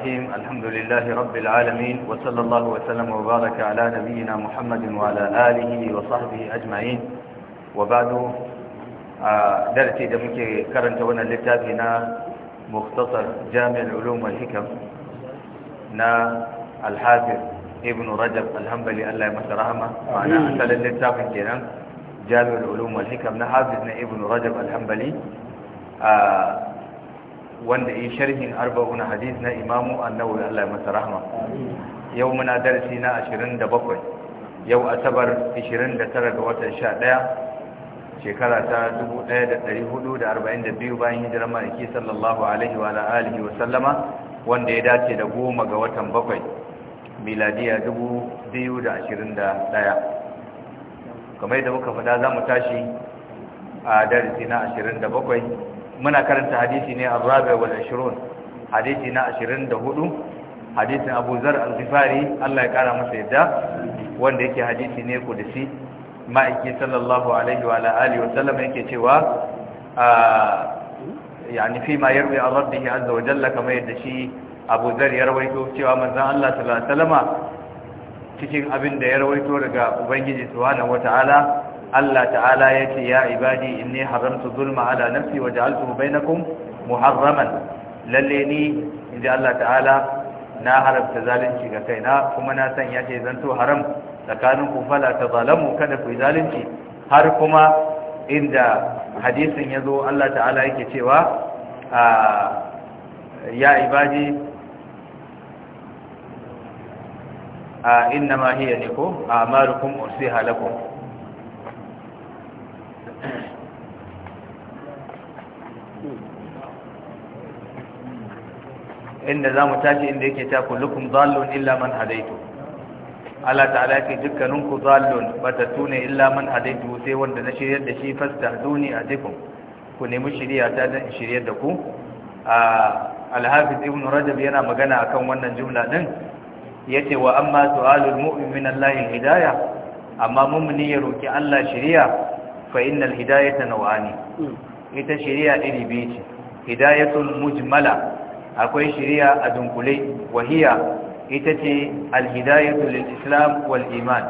الرحيم الحمد لله رب العالمين وصلى الله وسلم وبارك على نبينا محمد وعلى آله وصحبه أجمعين وبعد آه، درتي دمك كرنت وانا لتابنا مختصر جامع العلوم والحكم نا الحافظ ابن رجب الحنبلي الله ما رحمه معنا أسأل لتابن كنا جامع العلوم والحكم نا حافظنا ابن رجب الحنبلي آه، wanda yi sharhin arba'una hadis na imamu annawi Allah masa rahma yau muna darasi na 27 yau asabar 29 ga watan 11 shekara ta 1442 bayan hijirar maliki sallallahu alaihi wa alihi wa sallama wanda ya dace da goma ga watan 7 miladiya 2021 kamar yadda muka faɗa za mu tashi a darasi na 27 muna karanta hadisi ne ar-rabi wal 20 hadisi na 24 hadisin Abu Zar al-Ghifari Allah ya kara masa yadda wanda yake hadisi ne kudusi ma'aiki sallallahu alaihi wa alihi wa sallam yake cewa yani fi ma yarwi an rabbihi azza wa jalla kamar yadda shi Abu Zar ya rawaito cewa manzon Allah sallallahu alaihi wa sallama cikin abin da ya rawaito daga Ubangiji subhanahu wataala Allah ta'ala ya ce ya ibadi inni haramtu zulma ala nafsi wa ja'altuhu bainakum muharraman lalle ni inda Allah ta'ala na haramta zalunci ga kaina kuma na san ya ce zanto haram tsakanin ku fala ta zalamu kada ku zalunci har kuma inda hadisin ya zo Allah ta'ala yake cewa ya ibadi a inna ma hiya ne ko a marukum ursiha lakum inda za mu tashi inda yake ta kullukum zallun illa man hadaitu Allah ta'ala yake dukkaninku zallun batattu ne illa man hadaitu sai wanda na shiryar da shi a adikum ku nemi shiriya ta dan shiryar da ku al-hafiz ibn rajab yana magana akan wannan jumla din yace wa amma su'alul mu'min min Allah hidayah amma mu'mini ya roki Allah shiriya fa ta nawa nawani ita shari'a iri biyu ce hidayatul mujmala akwai shari'a a dunkule wahiya ita ce alhidayatu lil islam wal iman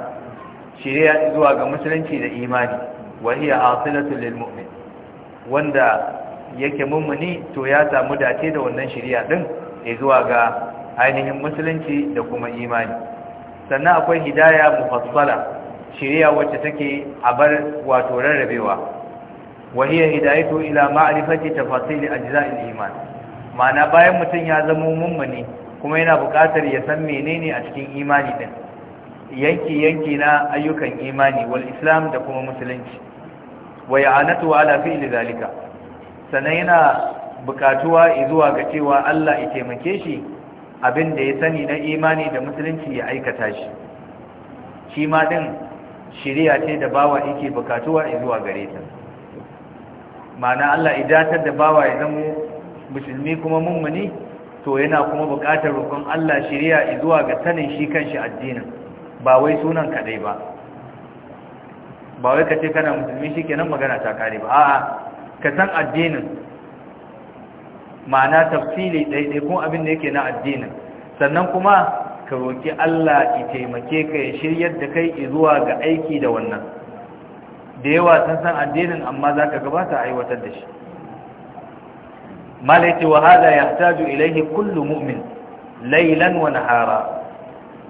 shari'a zuwa ga musulunci da imani wahiya asilatu lil mu'min wanda yake mummuni to ya samu dace da wannan shari'a din zuwa ga ainihin musulunci da kuma imani sannan akwai hidaya mufassala shirya wacce take a bar wato rarrabewa wahiya hidayatu ila ma'rifati tafasil ajza'il iman ma'ana bayan mutum ya zama mummuni kuma yana buƙatar ya san menene a cikin imani din yanki yanki na ayyukan imani wal islam da kuma musulunci wa ya'anatu ala fi'li zalika sanan yana buƙatuwa zuwa ga cewa Allah ya taimake shi abin da ya sani na imani da musulunci ya aikata shi shi ma din Shirya ce da bawa yake bukatuwa zuwa gare ta ma'ana Allah idatar da bawa ya zama musulmi kuma mummuni to yana kuma bukatar roƙon Allah ya zuwa ga sanin shi kanshi addinin ba wai sunan kadai ba ba wai kace kana musulmi shikenan magana ta kare ba a'a ka san addinin ma'ana tafsili daidai kun abin da yake na addinin sannan kuma ka roƙi Allah ya taimake ka ya shirya da kai zuwa ga aiki da wannan da yawa sun san addinin amma za ka gabata a aiwatar da shi malaiti wa wahala ya taju ilaihi kullu mu'min lailan wa nahara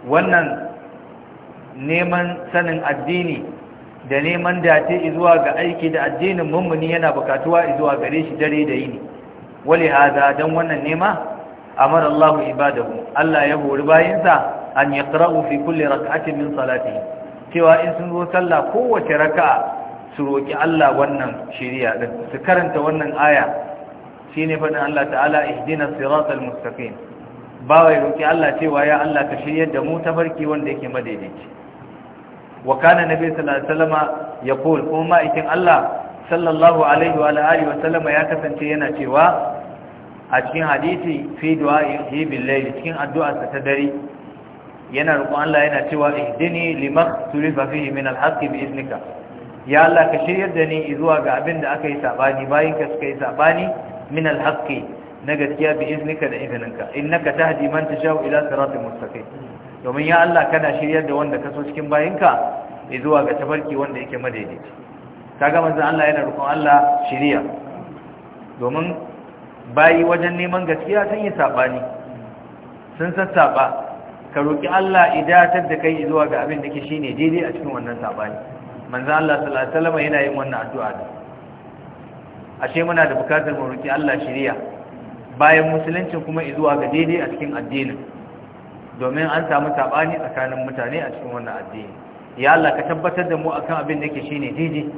wannan neman sanin addini da neman dace zuwa ga aiki da addinin mummuni yana bukatuwa zuwa gare shi dare da yini wali hada dan wannan nema amara Allah ibadahu Allah ya hori bayinsa an yaqra'u fi kulli rak'atin min salatihi cewa in sun zo sallah kowace raka'a su roki Allah wannan shiriya din su karanta wannan aya shine fadin Allah ta'ala ihdinas siratal mustaqim bawa ya roki Allah cewa ya Allah ka shiryar da mu tafarki wanda yake madaidaici wa kana nabi sallallahu alaihi wasallama yaqul kuma ikin Allah sallallahu alaihi wa alihi wasallama ya kasance yana cewa a cikin hadisi fi du'a'ihi bil layl cikin addu'arsa ta dare yana roƙon Allah yana cewa ihdini lima tulifa fihi min al bi iznika ya Allah ka shiryar da ni zuwa ga abin da aka yi sabani bayin ka suka yi sabani min al na gaskiya bi iznika da izininka innaka tahdi man tashau ila sirati mustaqim domin ya Allah kana shiryar da wanda ka so cikin bayinka zuwa ga tafarki wanda yake madaidaici kaga manzon Allah yana roƙon Allah shiriya domin bayi wajen neman gaskiya sun yi saɓani sun sassaɓa ka roƙi Allah idatar da kai zuwa ga abin da ke shine daidai a cikin wannan saɓani manzan Allah sallallahu alaihi wasallam yana yin wannan addu'a da ashe muna da bukatar mu roƙi Allah shirya. bayan Musulunci kuma zuwa ga daidai a cikin addinin domin an samu saɓani tsakanin mutane a cikin wannan addini ya Allah ka tabbatar da mu akan abin da ke shi ne daidai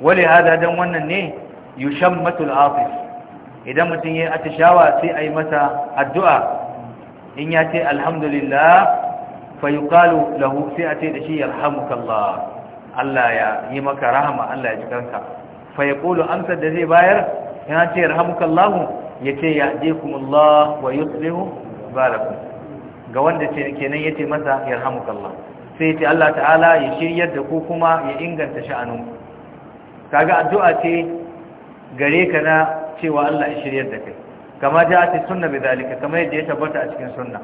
wale hada dan wannan ne yushammatul afis idan mutum ya yi atishawa sai a yi masa addu'a in ya ce alhamdulillah fayuqalu lahu sai a ce da shi yarhamukallah Allah ya yi maka rahama Allah ya ji kanka fayaqulu amsar da zai bayar ya ce yarhamukallah ya ce ya yahdikumullah wa yuslihu balakum ga wanda ce kenan yace masa yarhamukallah sai ce Allah ta'ala ya shiryar da ku kuma ya inganta sha'anun kaga addu'a ce gare ka na cewa Allah ya shiryar da kai kama ja ta sunna bi zalika kama yadda ya tabbata a cikin sunna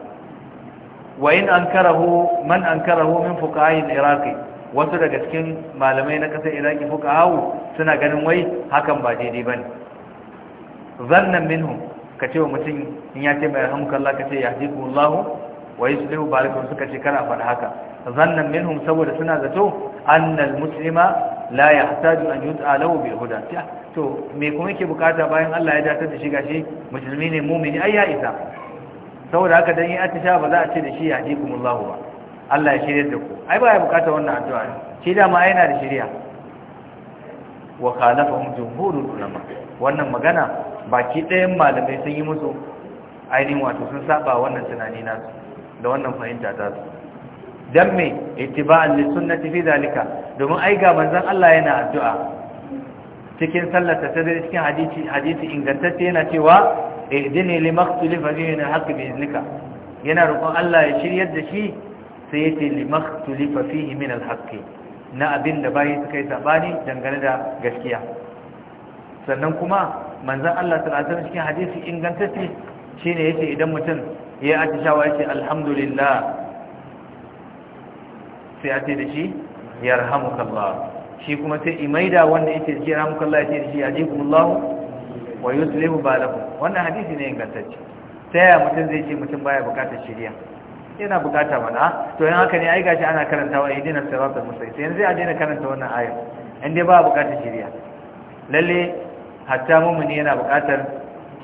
wa in ankarahu man ankarahu min fuqaha'i iraqi wasu daga cikin malamai na kasar iraki fuqaha'u suna ganin wai hakan ba daidai bane zannan minhum ka ce wa mutum in ya ce mai rahmukallah ka ce yahdikumullahu wa yusbihu barakum suka ce kana faɗa haka zannan minhum saboda suna zato annal muslima la yahtaju an yud'a lahu bi huda to me kuma yake bukata bayan Allah ya datar da shi gashi musulmi ne mu'mini ayya ya isa saboda haka dan yi atisha ba za a ce da shi ya yahdikumullahu ba Allah ya shirye da ku ai ba ya bukata wannan addu'a shi da ma yana da shiriya wa khalafahum jumhurul ulama wannan magana baki ɗayan malamai sun yi musu ainihin wato sun saba wannan tunani nasu da wannan fahimta ta su dan me ittiba'an li sunnati fi zalika domin ai ga manzon Allah yana addu'a cikin sallar ta zai cikin hadisi hadisi ingantacce yana cewa ihdini limaktulifa fihi na haqqi bi iznika yana roƙon Allah ya shiryar da shi sai ya ce limaktulifa fihi min alhaqqi na abin da bayi suka yi sabani dangane da gaskiya sannan kuma manzon Allah sallallahu alaihi wasallam cikin hadisi ingantacce shine yace idan mutum ya atishawa ya ce alhamdulillah sai a ce da shi ya rahamukallah shi kuma sai imaida wanda yake ji rahamukallah ya ce da shi ya jikumullahu wa yuslihu balakum wannan hadisi ne ingantacce ta yaya mutum zai ce mutum baya bukatar shirya yana bukata mana ah, to yin haka ne ai gashi ana karantawa idina siratal sai yanzu a daina karanta wannan ayar dai ba bukatar shirya lalle hatta mumuni yana bukatar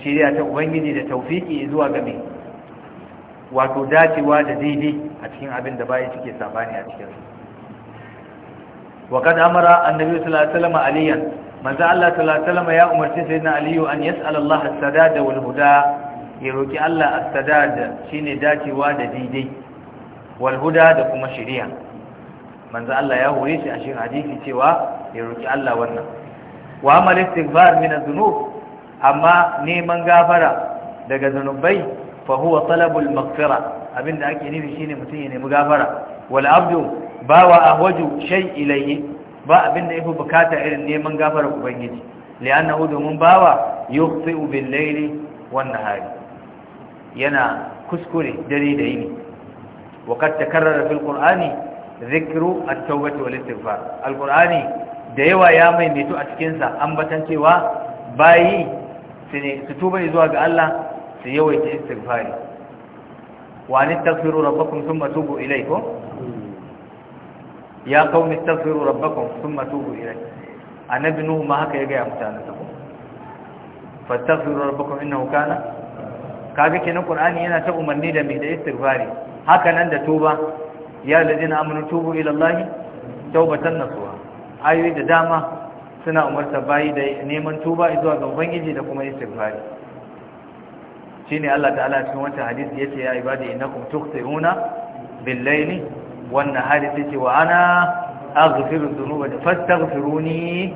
shirya ta ubangiji da tawfiki zuwa ga mai wato dacewa da daidai a cikin abin da bayan suke sabani a cikin wa kad amara annabi sallallahu alaihi aliyan manzo Allah sallallahu alaihi wasallam ya umarci sayyidina aliyu an yas'al Allah A sadada wal huda ya roki Allah as-sadada dacewa da daidai walhuda da kuma shari'a manzo Allah ya hore shi a cikin hadisi cewa ya roki Allah wannan wa amal istighfar min adh-dhunub amma neman gafara daga zanubai Fahuwa huwa talabul maghfira abinda ake nufi shine mutum ya nemi gafara wal abdu bawa ahwaju shay ilayhi ba abinda yafi bukata irin neman gafara ubangiji li'annahu domin bawa yukhti'u bil layli wan nahari yana kuskure dare da yini wa kad takarrara fil qur'ani dhikru at-tawbati wal istighfar al-qur'ani da yawa ya maimaito a cikin sa ambatan cewa bayi su tuba zuwa ga Allah su yawaita istighfari wa ni taghfiru rabbakum thumma tubu ilai ko ya qaumi taghfiru rabbakum thumma tubu a na nuhu ma haka ya gaya mutane ta ku fa tafiru rabbakum innahu kana kaga kenan ƙur'ani yana ta umarni da mai da istighfari haka nan da tuba ya na amina tubu ila allah tawbatan ayoyi da dama suna umarta bayi da neman tuba zuwa ga ubangiji da kuma istighfari shine Allah ta'ala cikin wannan hadisi yace ya ibadi innakum tukhsiruna bil-layli wan-nahari yace wa ana aghfiru dhunuba fastaghfiruni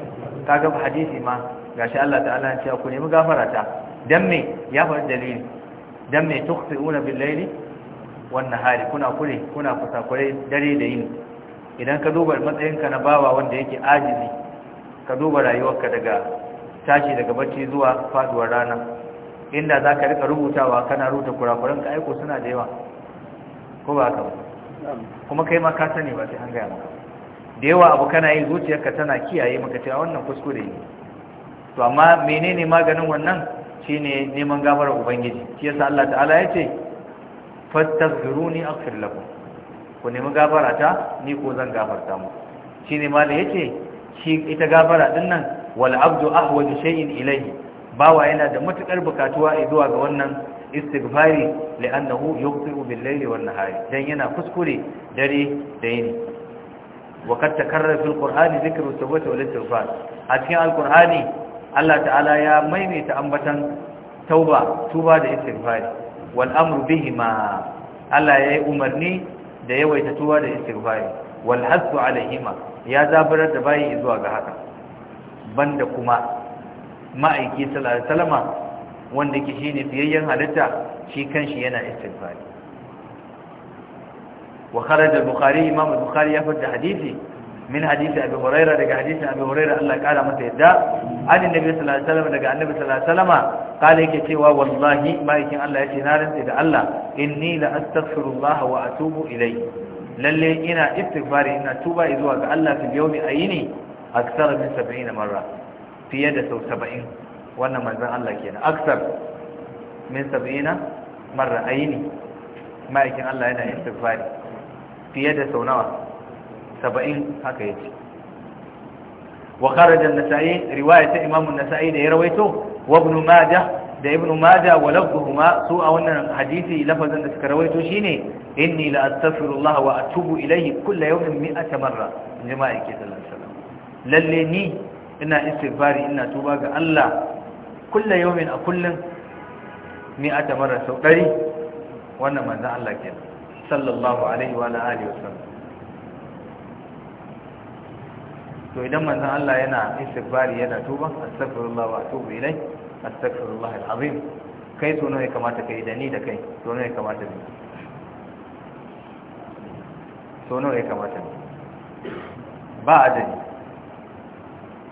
kaga hadisi ma gashi Allah ta'ala ya ce ku nemi gafara ta dan me ya faɗi dalili dan me tukhsiruna bil-layli wan-nahari kuna kure kuna kusakure dare da yini idan ka duba matsayinka na bawa wanda yake ajizi ka duba rayuwarka daga tashi daga bacci zuwa faduwar rana inda za ka rika rubutawa kana rubuta kurakuran ka aiko suna da yawa ko ba ka ba kuma kai ma ka sani ba sai an gaya maka da yawa abu kana yi zuciyarka tana kiyaye maka cewa wannan kuskure ne to amma menene maganin wannan shine neman gafara ubangiji shi yasa Allah ta'ala ya ce fastaghfiruni aghfir lakum ku nemi gafara ta ni ko zan gafarta mu shine mala yace shi ita gafara din nan wal abdu ahwaju shay'in ilayhi bawa yana da matukar bukatuwa zuwa ga wannan istighfari li'annahu yughfiru bil-layli wan-nahari dan yana kuskure dare da yini wa kad takarrara fil qur'ani dhikru tawbati wal istighfar a cikin al Allah ta'ala ya maimaita ambatan tauba tuba da istighfari wal amru bihima Allah ya umarni da yawaita tuwa da istighfari wal hasu alaihima ya zabarar da bayi zuwa ga haka banda kuma ma'aiki sallallahu alaihi wasallam wanda ke shine fiyayyen halitta shi kanshi yana istighfari wa kharaj bukari bukhari imam al ya fada hadisi min hadisi abu huraira daga hadisi abu huraira Allah kara masa yadda annabi nabi sallallahu alaihi wasallam daga annabi sallallahu alaihi wasallam kale yake cewa wallahi ma'aikin Allah ya yace na rantsa da Allah in inni la astaghfirullah wa atubu ilayhi lalle ina istighfari ina tuba zuwa ga Allah fil yawmi ayini akthar min 70 marra fiye da sau saba'in wannan manzan Allah kenan aksar min saba'ina marar aini ma'aikin Allah yana yin istighfari fiye da sau nawa saba'in haka ya ce wa kharajan nasa'i riwaya ta imamun nasa'i da ya rawaito wa ibn majah da ibn majah wa lafzuhuma su a wannan hadisi lafazin da suka rawaito shine inni la astaghfirullah wa atubu ilayhi kullu yawmin mi'ata marra jama'a ke sallallahu alaihi wasallam lalle ni ina istighfari ina tuba ga Allah kullu yawmin a kullun ni a tamara sau ɗari wannan manzan Allah ke sallallahu alaihi wa alihi wasallam to idan manzan Allah yana istighfari yana tuba astaghfirullah wa tuba ilai astaghfirullah alazim kai nawa ya kamata kai da ni da kai nawa ya kamata ni to ya kamata ba adadi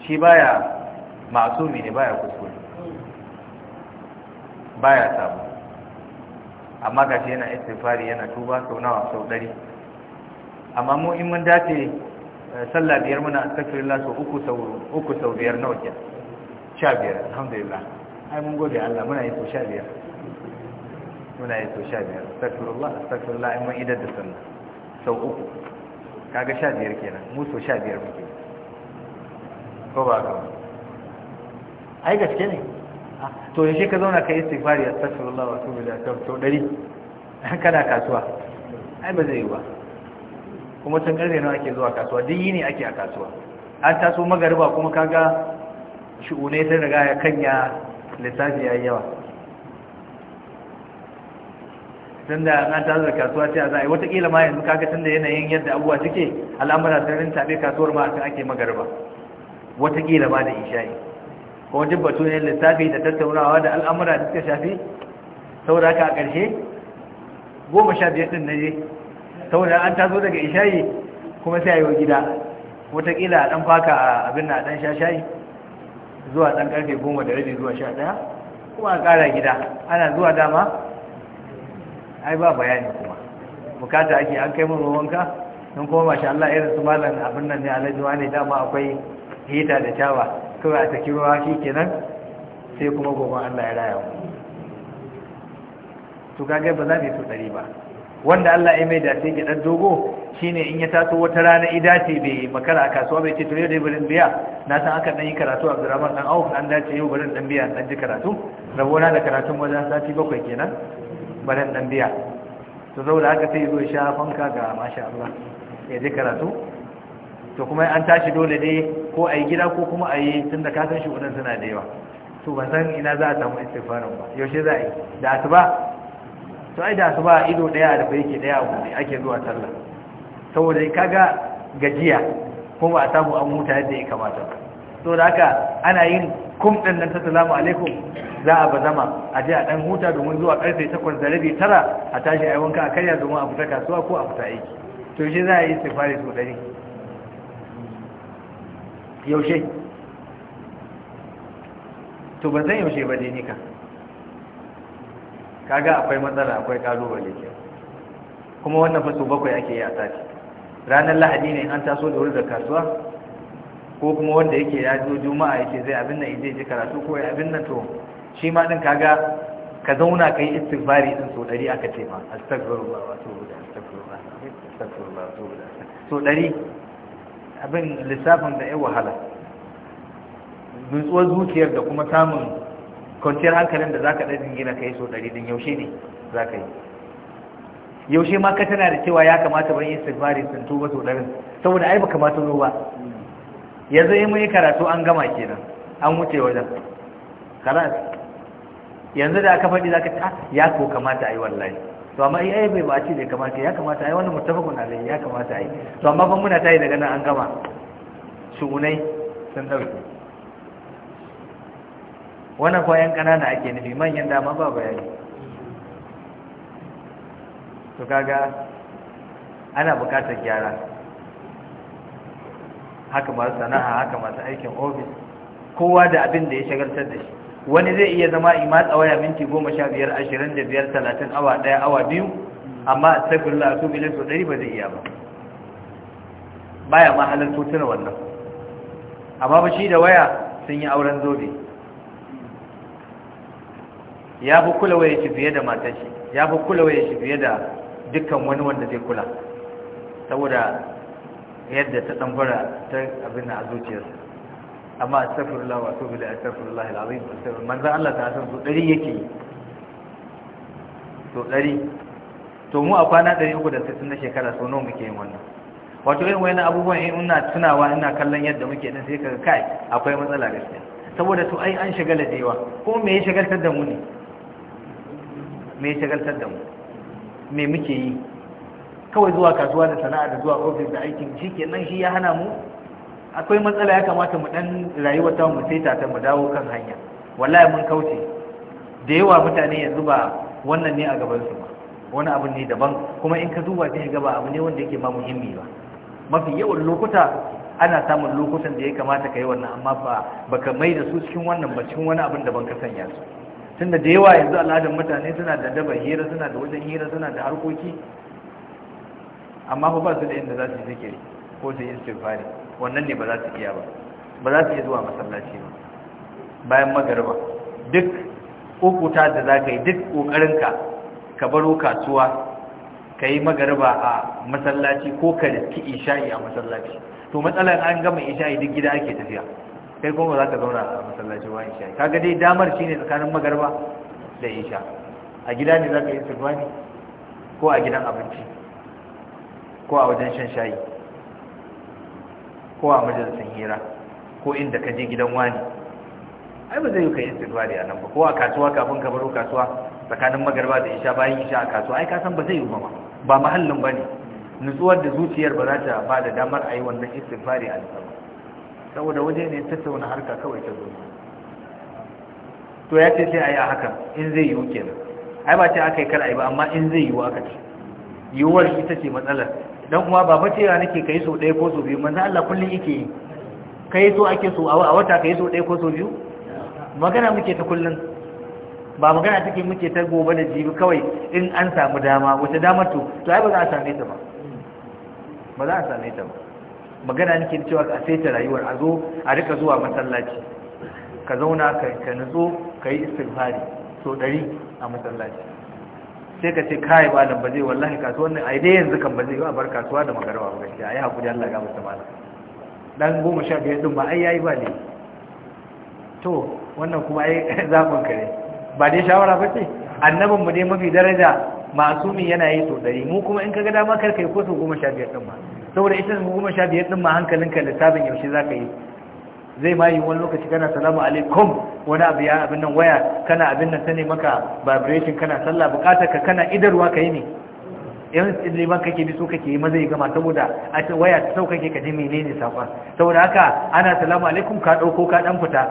shi baya masumi ne baya kuskure baya samu amma shi yana fari yana tuba sau nawa sau ɗari amma mu in mun dace eh, sallah biyar muna astaghfirullah sau uku sau uku sau biyar nawa ke sha biyar alhamdulillah ai mun gode Allah muna yi sau sha biyar muna yi sau sha biyar astaghfirullah astaghfirullah ai mun idar da sallah sau uku kaga sha biyar kenan mu sau sha biyar muke ko ba ka ai gaske ne ah, to yaushe ka zauna ka yi istighfari a wa atubu ilayhi to dari kana kasuwa ai ba zai yi ba kuma tun karfe nawa ake zuwa kasuwa duk ne ake a kasuwa an taso magariba kuma kaga shi'une sai daga ya kanya lissafi yi yawa tun da an tazo kasuwa ta za a yi watakila ma yanzu kaga tun da yanayin yadda abubuwa suke al'amura sun abin kasuwar ma a ake magariba watakila ba da isha'i ko duk ne lissafi da tattaunawa da al'amura da suka shafi saboda a ƙarshe goma sha biyar ɗin na je saboda an taso daga isha'i kuma sai a yi wa gida watakila a ɗan faka a abin na ɗan sha shayi zuwa ɗan ƙarfe goma da rabi zuwa sha ɗaya kuma a ƙara gida ana zuwa dama ai ba bayani kuma bukata ake an kai mun wanka don kuma masha Allah irin su malam abin nan ne alhaji ne dama akwai hita da tawa kawai a saki ruwa shi kenan sai kuma gobe Allah ya raya mu to kage ba za mu so tsari ba wanda Allah ya mai da sai gidan dogo shine in ya taso wata rana idace bai makara a kasuwa bai ce to yau dai barin biya na san aka dan yi karatu Abdurrahman dan Auf an dace yau barin dan biya dan ji karatu na da karatun wajen sati bakwai kenan barin dan biya to saboda haka sai zo ya sha fanka ga masha Allah ya ji karatu to kuma an tashi dole dai ko a yi gida ko kuma a yi tun da kasan shi wadanda suna da yawa to ban san ina za a samu istighfarin ba yaushe za a yi da asuba to ai da asuba ido daya da ba yake daya a ake zuwa sallah saboda kaga gajiya ko ba a samu an huta yadda ya kamata ba to da haka ana yin kum din nan ta salamu alaikum za a bazama a je a dan huta domin zuwa karfe 8 da rabi 9 a tashi ayi wanka a karya domin a fita kasuwa ko a fita aiki to shi za a yi istifari so dare yaushe to ba zan yaushe ba dai nika kaga akwai matsala akwai kalubale ke kuma wannan faso bakwai ake yi a sati ranar lahadi ne an taso da wurin da kasuwa ko kuma wanda yake ya zo juma'a yake zai abin nan zai ji karatu ko abin nan to shi ma din kaga ka zauna kai istighfari din so dari aka ce ma astaghfirullah wa atubu ilayh astaghfirullah astaghfirullah wa atubu ilayh so dari abin lissafin da ya wahala Dutsuwar zuciyar da kuma samun kwanciyar hankalin da za ka ɗan gina ka yi so ɗari din yaushe ne za ka yi yaushe ma ka tana da cewa ya kamata ban yi sigmari sun tuba so ɗarin saboda ai ba kamata zo ba yanzu yi mai karatu an gama kenan an wuce wajen karas yanzu da aka faɗi za ka ta ah, ya ko kamata a yi wallahi to amma ai bai ba ce da kamata ya kamata ai wannan mutafakun alai ya kamata ai to amma ban muna tayi daga nan an gama shugunai sun dauke wannan koyan kanana ake nufi manyan dama ba bayani to kaga ana bukatar gyara haka masu sana'a haka masu aikin ofis kowa da abin da ya shagaltar da shi wani zai iya zama ima tsawaya minti goma sha biyar ashirin da biyar talatin awa ɗaya awa biyu amma a tsakirin la'asu bilin su ɗari ba zai iya ba baya ma halar tutuna wannan amma ba shi da waya sun yi auren zobe ya fi kula waya shi fiye da matashi ya fi kula waya shi fiye da dukkan wani wanda zai kula saboda yadda ta fara ta abin a zuciyarsa amma astaghfirullah wa a ilayhi astaghfirullah alazim astaghfirullah manzan Allah ta san su dari yake to dari to mu a kwana sittin na shekara so nawa muke yin wannan wato yin wani abubuwan in ina tunawa ina kallon yadda muke din sai kaga kai akwai matsala gaskiya saboda to ai an shagala da yawa ko me ya shagaltar da mu ne me ya shagaltar da mu me muke yi kawai zuwa kasuwa da sana'a da zuwa ofis da aikin shi kenan shi ya hana mu akwai matsala ya kamata mu dan rayuwa ta mu sai ta mu dawo kan hanya wallahi mun kauce da yawa mutane yanzu ba wannan ne a gaban su ba wani abu ne daban kuma in ka duba sai ga ba abu ne wanda yake ma muhimmi ba mafi yawan lokuta ana samun lokutan da ya kamata ka yi wannan amma ba baka mai da su cikin wannan ba cikin wani abin da ban ka sanya su tunda da yawa yanzu al'adar mutane suna da daba hira suna da wajen hira suna da harkoki amma fa ba su da inda za su yi zikiri ko su yi istighfari wannan ne ba za su iya ba ba za su iya zuwa masallaci ba bayan magarba duk ukuta da za ka yi duk ƙoƙarinka ka baro kasuwa ka yi magarba a masallaci ko ka riski isha'i a masallaci to matsalar an gama isha'i duk gida ake tafiya kai kuma za ka zauna a masallaci ba isha'i kaga dai damar shi ne tsakanin magarba da isha a gida ne za ka yi sirfani ko a gidan abinci ko a wajen shan shayi ko a majalisar hira ko inda ka je gidan wani ai ba zai yi kai istighfari a nan ba ko a kasuwa kafin ka baro kasuwa tsakanin magarba da isha bayan isha a kasuwa ai ka san ba zai yi ba ba mahallin bane nutsuwar da zuciyar ba za ta ba da damar a yi wannan istighfari a nan saboda waje ne tattauna harka kawai ta zo to ya ce sai a yi a hakan in zai yiwu kenan ai ba ce aka yi kar a yi ba amma in zai yiwu aka ce yiwuwar ita ce matsalar dan kuma ba bace ya nake kai so ɗaya ko so biyu manzo Allah kullun yake yi kai so ake so a wata kai so ɗaya ko so biyu magana muke ta kullun ba magana take muke ta gobe da jibi kawai in an samu dama wata damar to to ai ba za a same ta ba ba za a same ta ba magana nake cewa a ta rayuwar a zo a rika zuwa masallaci ka zauna ka nutso ka yi istighfari so ɗari a masallaci sai ka ce kai ba ba zai wallahi kasuwar nan ai dai yanzu kan ba zai ba bar kasuwa da magarawa ba gaskiya ai hakuri Allah ga mutum malam dan goma sha biyar din ba ai yayi ba ne to wannan kuma ai zaɓin ka ne ba dai shawara ba ce annabin mu dai mafi daraja masumi yana yi to dari mu kuma in kaga dama karka yi ko su goma sha biyar din ba saboda ita goma sha biyar din ma hankalinka lissafin yaushe za ka yi zai ma yi wani lokaci kana salamu alaikum wani abu ya abin nan waya kana abin nan sani maka vibration kana sallah bukatar ka kana idarwa ka yi ne yan liman kake bi so kake yi maza yi gama saboda a waya ta sauka ke kaji menene safa saboda haka ana salamu alaikum ka ɗauko ka ɗan fita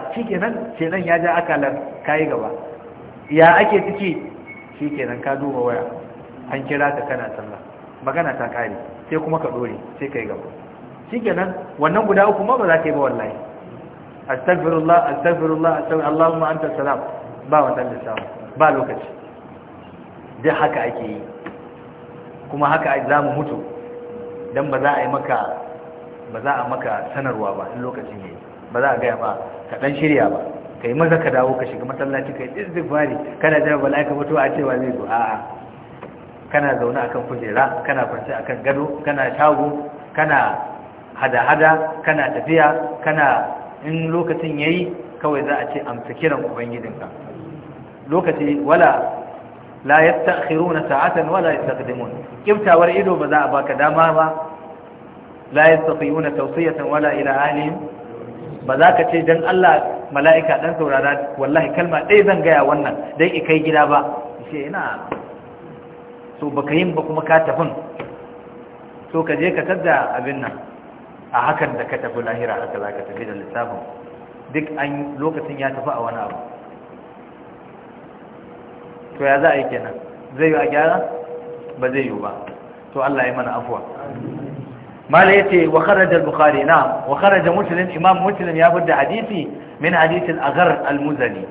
ce nan ya ja akalar yi gaba ya ake ciki nan ka duba waya an kira ka kana sallah magana ta kare sai kuma ka ɗore, sai kai gaba nan, wannan guda uku ma ba za ka yi ba wallahi astagfirullah astagfirullah astaghfir Allahumma anta salam ba wannan samu, ba lokaci duk haka ake yi kuma haka za mu mutu dan ba za a yi maka ba za a maka sanarwa ba in lokacin yayi ba za a gaya ba ka dan shirya ba kai maza ka dawo ka shiga masallaci kai istighfari kana jira mala'ika mutu a cewa zai zo a'a kana zaune akan kujera kana kwance akan gado kana shago kana hada-hada kana tafiya kana in lokacin ya yi kawai za a ce amsa kiran ubangijinka lokaci wala la yastakhiruna sa'atan wala yastaqdimun kiftawar ido ba za a baka dama ba la yastati'una tawsiyatan wala ila alim ba za ka ce dan Allah mala'ika dan saurara wallahi kalma ɗaya zan gaya wannan dan i kai gida ba ce ina so baka yin ba kuma ka tafin so ka je ka tada abin nan a hakan da ka tafi lahira haka za ka tafi da lissafin duk an lokacin ya tafi a wani abu to ya za a yi kenan zai yi a gyara ba zai yi ba to Allah ya mana afuwa mala yace wa kharaja al-bukhari na wa kharaja musulun imam muslim ya fudda hadisi min hadith al-aghar al-muzani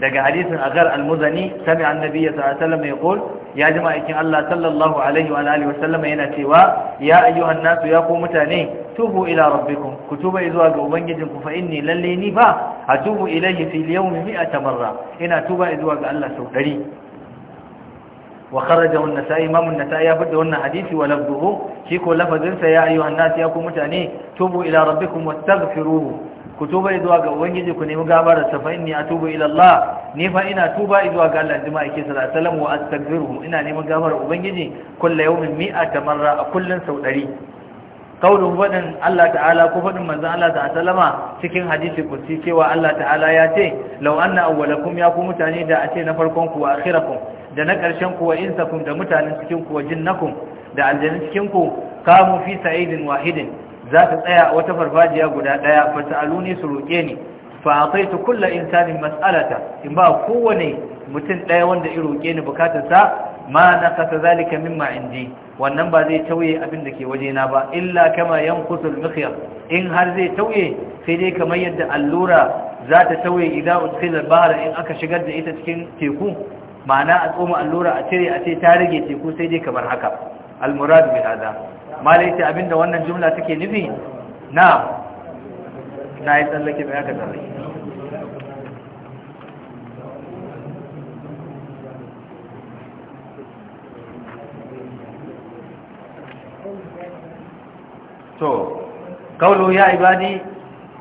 daga hadisin agar al-muzani sami annabi ya sallallahu yaqul ya jima Allah sallallahu alaihi wa alihi yana cewa ya ayyuhan nasu ya ku mutane tubu ila rabbikum kutuba zuwa ga ubangijinku fa inni lalle ni ba atubu ilayhi fil yawmi mi'ata marra ina tuba zuwa ga Allah sau 100 wa kharajahu an-nasa'i imam an-nasa'i ya fada wannan hadisi wa lafzuhu shi ko lafazin sa ya ayyuhan nasu ya ku mutane tubu ila rabbikum wastaghfiruhu ku tuba zuwa ga ubangiji ku nemi gafara da fa inni atubu ila Allah ni fa ina tuba zuwa ga Allah inji ma'aikin sallallahu alaihi wasallam wa astaghfiruhu ina neman gafara ubangiji kullu yawmin mi'ata marra a kullun sau 100 kaulun fadin Allah ta'ala ko fadin manzon Allah ta'ala sallama cikin hadisi kursi cewa Allah ta'ala ya ce law anna awwalakum ya ku mutane da a na farkon ku wa akhirakum da na karshen ku wa insakum da mutanen cikin ku wa jinnakum da aljannin cikin ku kamu fi sa'idin wahidin za ta tsaya wata farfajiya guda ɗaya fa ta'aluni su roke ni fa kulla in insanin matsalata in ba kowane mutum ɗaya wanda ya roke ni bukatarsa ma naqata zalika in indi wannan ba zai tauye abin da ke wajena ba illa kama kusur mikhyar in har zai tauye sai dai kamar yadda allura za ta tauye idan utkhila bahar in aka shigar da ita cikin teku ma'ana a tsoma allura a cire a ce ta rage teku sai dai kamar haka al murad bi hada malaita abinda wannan jumla take nufi na na yi tsallake da aka tsallake to kawo ya ibadi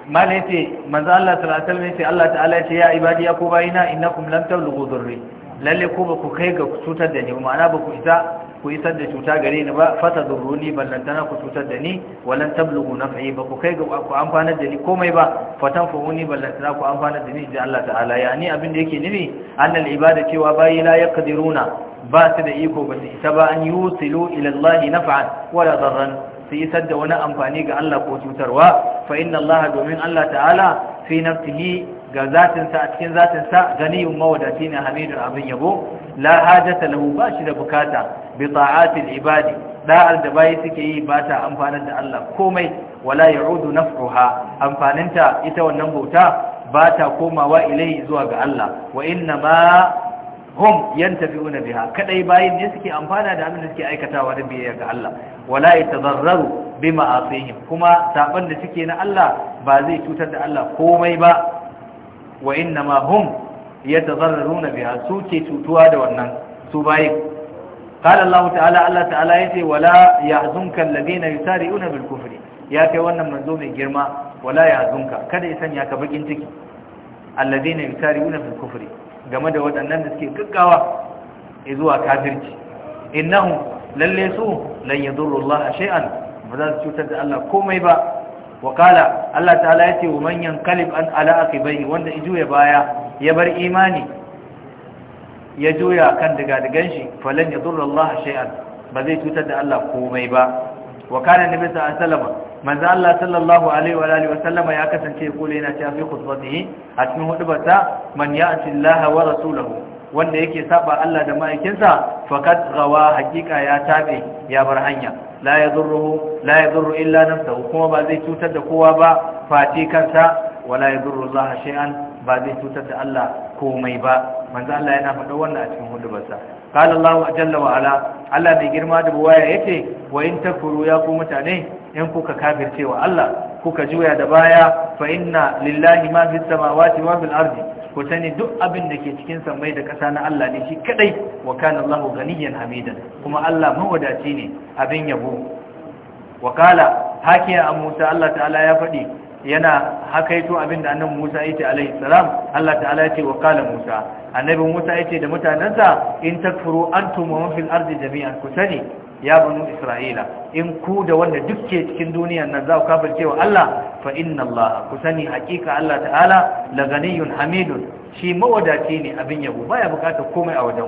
malaita manzo Allah sallallahu alaihi wasallam ce Allah ta'ala ya ce ya ibadi ya ku bayina innakum lam tablughu dhurri lalle ku ba ku kai ga cutar da ni ma'ana ba ku isa ku yi da cuta gare ni ba fata durruni ballantana ku cutar da ni walan tablughu naf'i ba ku kai ga ku amfanar da ni komai ba fatan fuhuni ballantana ku amfanar da ni da Allah ta'ala ya yani abin da yake nufi annal ibada cewa bayi la yaqdiruna ba su da iko ba su isa ba an yusilu ila Allah naf'an wala darran su yi da wani amfani ga Allah ko cutarwa fa inna Allah domin Allah ta'ala fi nafsihi ga zatinsa a cikin zatinsa ganiyun mawadaci ne hamidun abin yabo la hajata lahu ba shi da bukata bi ta'atil ibadi da'ar da bayi suke yi ba ta amfanar da Allah komai wala ya'udu nafruha amfaninta ita wannan bauta ba ta komawa ilai zuwa ga Allah wa inna ma hum yantafi'una biha kadai bayin ne suke amfana da abin da suke aikatawa da biyayya ga Allah wala yatadarraru bima asihim kuma saban da suke na Allah ba zai cutar da Allah komai ba wa inna ma hum yatazarruna biya su ke cutuwa da wannan su bayi qala Allah ta'ala Allah ta'ala yace wala yahzunka alladhina yusari'una bil kufri ya kai wannan manzo mai girma wala yahzunka kada ya sanya ka bakin ciki alladhina yusari'una bil kufri game da waɗannan da suke gaggawa zuwa kafirci innahum lalle su lan yadurru Allah shay'an ba za su cutar da Allah komai ba wakala Allah ta'ala ya ce wa manyan kalib an ala bai wanda ya baya ya bar imani ya juya kan digadigan shi falan ya durra Allah shay'an ba zai cutar da Allah komai ba wa na bisa sallallahu Salama, wasallam manzo Allah sallallahu alaihi wa sallama ya kasance kula yana cewa fi khutbatihi a cikin hudubarsa man ya'ti Allah wa rasulahu wanda yake saba Allah da ma'aikinsa faqad gawa hakika ya tabe ya bar hanya la yadurruhu la yadurru illa nafsuhu kuma ba zai cutar da kowa ba fati kansa wala yadurru Allah shay'an ba zai cutar da Allah komai ba manzo Allah yana faɗa wannan a cikin hudubarsa qala Allahu jalla wa Allah mai girma da buwaya yake wa in takfuru ya ku mutane in kuka kafirce wa Allah kuka juya da baya fa inna lillahi ma fis samawati wa fil ardi ku ne duk abin da ke cikin sammai da ƙasa na Allah ne shi kadai wa kana Allahu ganiyyan hamidan kuma Allah mawadaci ne abin yabo wa kala hakiya an Musa Allah ta'ala ya faɗi yana hakaito abin da annabi Musa yace alaihi salam Allah ta'ala yace wa kala Musa annabi Musa yace da mutanansa in takfuru antum wa man fil ardi jami'an ku sani ya banu isra'ila in ku da wanda duk cikin duniyan nan za ku kafirce wa Allah fa inna Allah ku sani hakika Allah ta'ala la ganiyun hamidun shi mawadaci ne abin yabo baya bukatar komai a wajen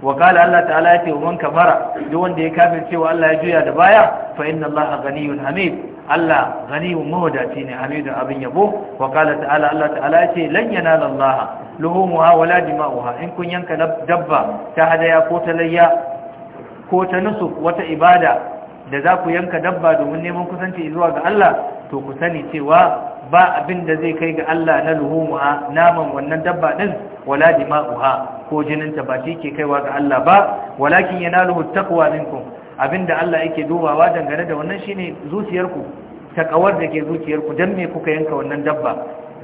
wa qala Allah ta'ala ya ce man kafara duk wanda ya kafirce wa Allah ya juya da baya fa inna Allah ganiyun hamid Allah ganiyun mawadaci ne hamidun abin yabo wa qala ta'ala Allah ta'ala ya ce lan yanala Allah luhumuha wala dima'uha in kun yanka dabba ta hadaya ko ta layya ko ta nusu wata ibada da za ku yanka dabba domin neman kusanci zuwa ga Allah to ku sani cewa ba abin da zai kai ga Allah na luhumuha naman wannan dabba din wala dima'uha ko jininta ba shi ke kaiwa ga Allah ba walakin yanaluhu taqwa minkum abinda Allah yake dubawa dangane da wannan shine zuciyarku kawar da ke zuciyarku dan me kuka yanka wannan dabba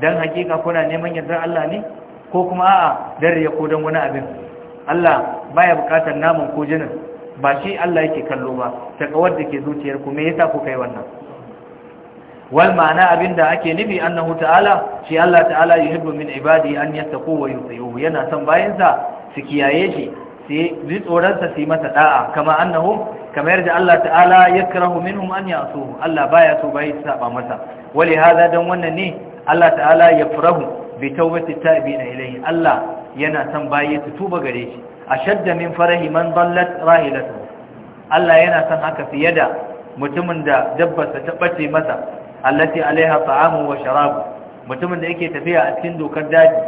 dan hakika kuna neman yardar Allah ne ko kuma a'a dare ya ko dan wani abin Allah baya bukatar naman ko jinin ba shi Allah yake kallo ba kawar da ke zuciyar ku me yasa ku kai wannan wal ma'ana abinda ake nufi annahu ta'ala shi Allah ta'ala yuhibbu min ibadi an yattaqu wa yuti'u yana son bayansa su kiyaye shi su yi sa su yi masa da'a kama annahu kamar yadda Allah ta'ala yakrahu minhum an ya'suhu Allah baya so bai saba masa wali hada dan wannan ne Allah ta'ala yafrahu bi tawbati ta'ibina ilayhi Allah yana son bayi su tuba gare shi ashadda min farahi man dallat rahilatu Allah yana son haka fiye da mutumin da dabbarsa ta bace masa allati alaiha ta'amu wa sharabu mutumin da yake tafiya a cikin dokar daji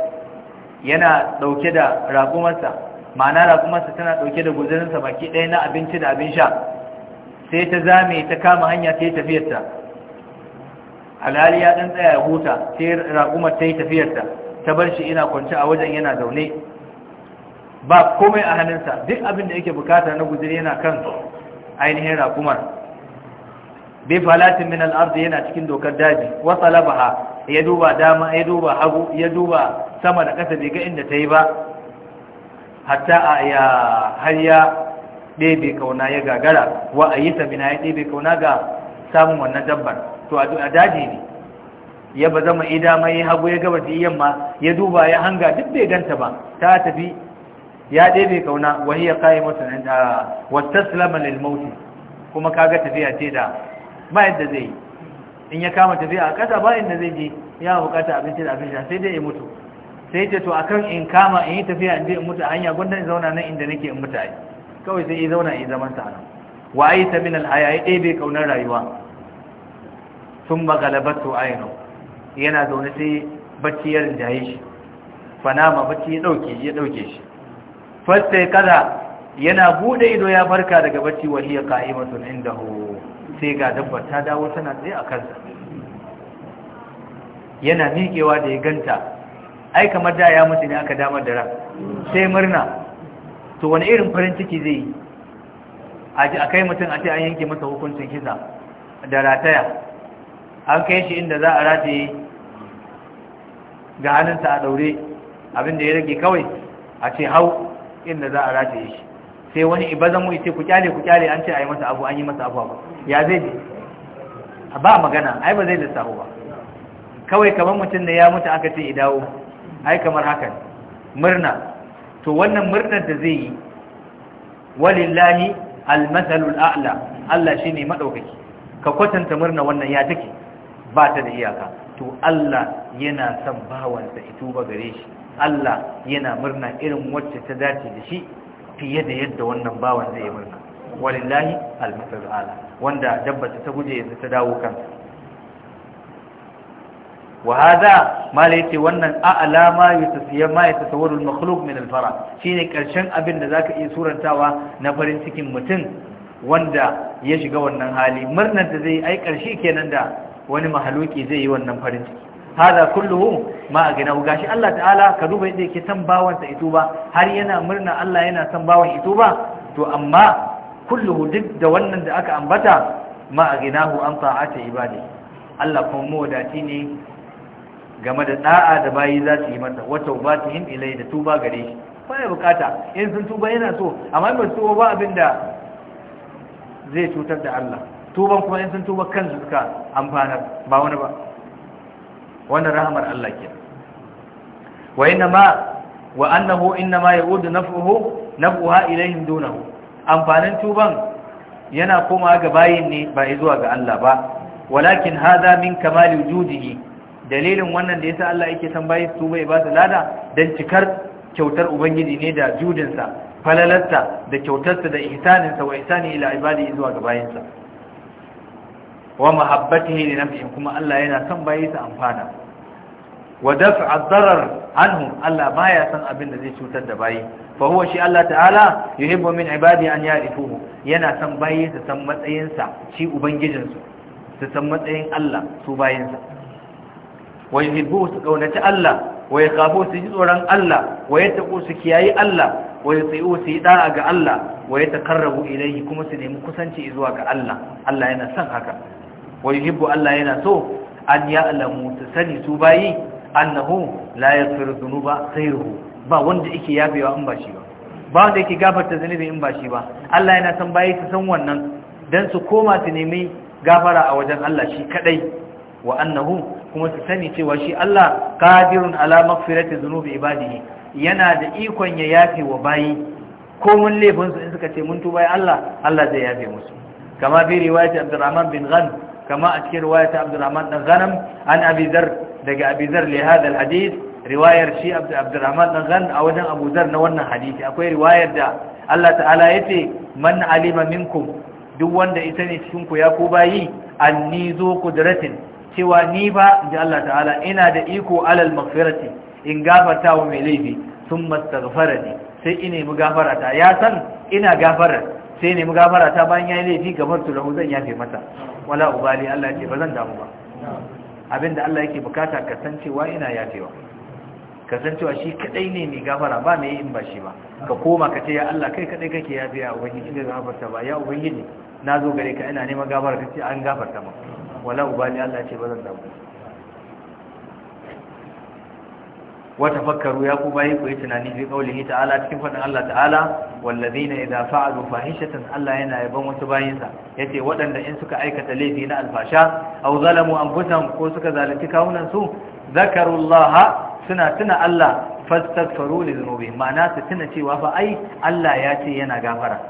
yana dauke da raƙumarsa ma'ana raƙumarsa tana dauke da sa baki ɗaya na abinci da abin sha sai ta zame ta kama hanya sai tafiyarta alhali ya dan tsaya ya huta sai raƙumar ta yi tafiyarta ta bar shi ina kwance a wajen yana zaune ba komai a hannunsa duk abin da yake bukata na guzuri yana kan ainihin rakumar bi falatin min al-ard yana cikin dokar daji wa salabaha ya duba dama ya duba hagu ya duba sama da kasa bai ga inda ta yi ba hatta a ya har ya kauna ya gagara wa ayyuta mina ya ɗebe kauna ga samun wannan dabbar to a daji ne ya ba zama mai hagu ya gaba da yamma ya duba ya hanga duk bai ganta ba ta tafi ya ɗebe kauna ya kayi masa nan da wattaslama lil ilmauti. kuma kaga tafiya ce da ba yadda zai yi in ya kama tafiya a kasa ba inda zai je ya bukata abinci da abinci sai dai ya mutu sai ce to akan in kama in yi tafiya in je in mutu a hanya gwanda in zauna nan inda nake in mutu ai kawai sai ya zauna in zaman sa nan wa ayi ta min al haya ya ɗebe kaunar rayuwa sun magalabatu aino yana zaune sai bacci ya rinjaye shi fanama bacci ya ɗauke shi ya kada yana bude ido ya farka daga bacci wa hiya qa'imatun indahu sai ga dabbar ta dawo tana tsaye a kansa yana miƙewa da ya ganta ai kamar da ya mutu ne aka damar da ran sai murna to wani irin farin ciki zai yi a kai mutum a ce an yanke masa hukuncin kisa da rataya an kai shi inda za a rataye ga hannunsa a daure abinda ya rage kawai a ce hau inda za a rataye shi sai wani ibazamu yace ku kyale ku kyale an ce ayi masa abu an yi masa abu ya zai ji ba magana ai ba zai lissafu ba kawai kamar mutum ne ya mutu aka ce dawo? ai kamar haka murna to wannan murnar da zai yi walillahi almasalul a'la Allah shine madaukaki ka kwatanta murna wannan ya take ba ta da iyaka to Allah yana son bawansa ituba gare shi Allah yana murna irin wacce ta dace da shi fiye da yadda wannan bawan zai yi murna walillahi almasar ala wanda dabbata ta guje yanzu ta dawo kansa wa hada mala yace wannan a alama yutasiya ma yatasawwaru al min al shine karshen abin da zaka iya surantawa na farin cikin mutum wanda ya shiga wannan hali murnar da zai ai karshe kenan da wani mahaluki zai yi wannan farin ciki hada kulluhu ma a gina gashi Allah ta'ala ka duba yadda yake san bawansa ito ba har yana murna Allah yana san bawan ito ba to amma kulluhu duk da wannan da aka ambata ma a gina hu an ta'ata ibadi Allah kuma wadati ne game da da'a da bayi za su yi masa wata him ilai da tuba gare shi ya bukata in sun tuba yana so amma ba su tuba ba abin da zai cutar da Allah tuban kuma in sun tuba kansu suka amfanar ba wani ba wannan rahamar Allah ke wa innama wa annahu innama yaudu naf'uhu naf'uha ilaihim dunahu amfanin tuban yana kuma ga bayin ne ba zuwa ga Allah ba walakin hadha min kamali wujudihi dalilin wannan da yasa Allah yake san bayin tuba ya ba su lada dan cikar kyautar ubangiji ne da judinsa falalarsa da kyautarsa da ihsaninsa wa ihsani ila ibadi zuwa ga bayinsa wa mahabbatihi li nafsihi kuma Allah yana son bayi su amfana wa daf'a darar anhum Allah baya san abin da zai cutar da bayi fa huwa shi Allah ta'ala yuhibbu min ibadi an ya'rifuhu yana san bayi su san matsayin sa shi ubangijin su su san matsayin Allah su bayin sa wa yuhibbu su kaunaci Allah wa yakhafu su ji tsoron Allah wa yattaqu su kiyayi Allah wa yutiu su da'a ga Allah wa yatakarrabu ilayhi kuma su nemi kusanci zuwa ga Allah Allah yana san haka wa yuhibbu Allah yana so an ya'lamu sani su bayi annahu la yaghfiru dhunuba ghayruhu ba wanda yake yafewa in ba shi ba ba wanda yake gafarta zunubi in ba shi ba Allah yana san baya su san wannan dan su koma su nemi gafara a wajen Allah shi kadai wa annahu kuma su sani cewa shi Allah qadirun ala maghfirati dhunubi ibadihi yana da ikon ya yafe wa bayi komun laifin su in suka ce mun tuba ya Allah Allah zai yafe musu kama bi riwayat Abdurrahman bin Ghan kama a cikin riwayat Abdurrahman bin Ghanam an Abi Dharr daga abizar lihada alhadis riwayar shi abdurrahman dan gan a wajen abuzar na wannan hadisi akwai riwayar da Allah ta'ala ya man alima minkum duk wanda ita ne cikin ku ya ku bayi anni zo qudratin cewa ni ba da Allah ta'ala ina da iko alal maghfirati in gafarta wa mai laifi thumma astaghfarani sai ina mu gafara ta ya san ina gafara sai nemi gafara ta bayan ya yi laifi gabar tulahu zan yafe mata wala ubali Allah ce ba zan damu ba Abin da Allah yake bukata kasancewa ina yafewa kasancewa shi kadai ne mai gafara ba mai in ba shi ba ka koma ka ce ya Allah kai kadai kake yafiya ubangiji ga gafarta ba ya ubangiji na zo gare ka ina neman gafara ka ce an gafarta ma wallahi ubani Allah ce bazan dawo. wata fakkaru ya ku bayi ku yi tunani fi kaulihi ta'ala cikin faɗin Allah ta'ala wallazina idza fa'alu fahishatan Allah yana yaban wasu bayinsa yace waɗanda in suka aikata laifi na alfasha aw zalamu anfusahum ko suka zalunci kawunan su zakarullaha suna tuna Allah fastaghfiru li dhunubihim ma'ana su tuna cewa fa ai Allah ya ce yana gafara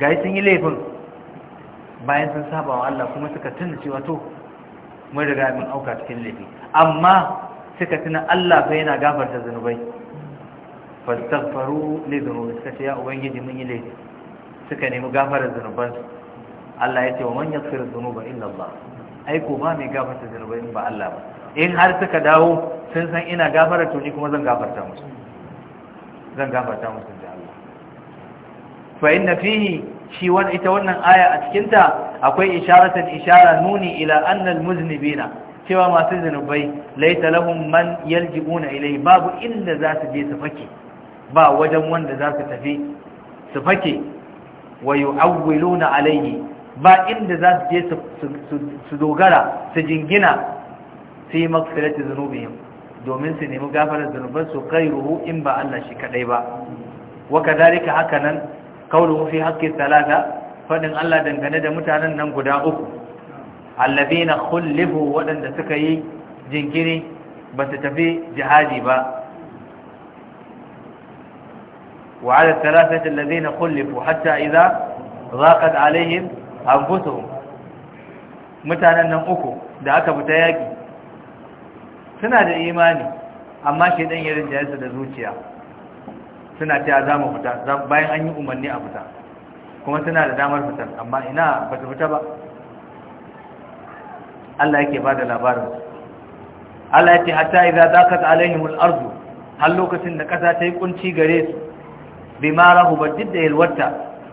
gayi sun yi laifin bayan sun saba wa Allah kuma suka tuna cewa to mun riga mun auka cikin laifi amma suka tuna Allah fa yana gafarta zunubai fastaghfaru li dhunubi suka ce ya ubangiji mun yi laifi suka nemi gafarar zunuban Allah ya ce wa man yaghfiru dhunuba illa Allah ai ko ba mai gafarta zunubai in ba Allah ba in har suka dawo sun san ina gafara to ni kuma zan gafarta musu zan gafarta musu da Allah fa inna fihi shi ita wannan aya a cikin ta akwai isharatan ishara nuni ila annal muznibina cewa masu zunubai laita lahum man yalji'una ilai babu inda za su je su fake ba wajen wanda za su tafi su fake wa yu'awwiluna alayhi ba inda za su je su dogara su jingina su yi maghfirati zunubihim domin su nemi gafarar zunuban su kai ruhu in ba Allah shi kadai ba wa kadhalika hakanan qawluhu fi haqqi salata Faɗin Allah dangane da mutanen nan guda uku allazina khullifu waɗanda suka yi jinkiri ba su tafi jihadi ba wa ala thalathati allazina khullifu hatta idza zaqat alaihim anfusuhum mutanen nan uku da aka fita yaki suna da imani amma shedan ya rinjaye su da zuciya suna ta za mu fita bayan an yi umarni a fita kuma suna da damar fitar amma ina ba su fita ba Allah yake bada labarin Allah ya ce hatta idza daqat alaihimul ardu har lokacin da kasa ta yi kunci gare su bimarahu, rahubat yalwata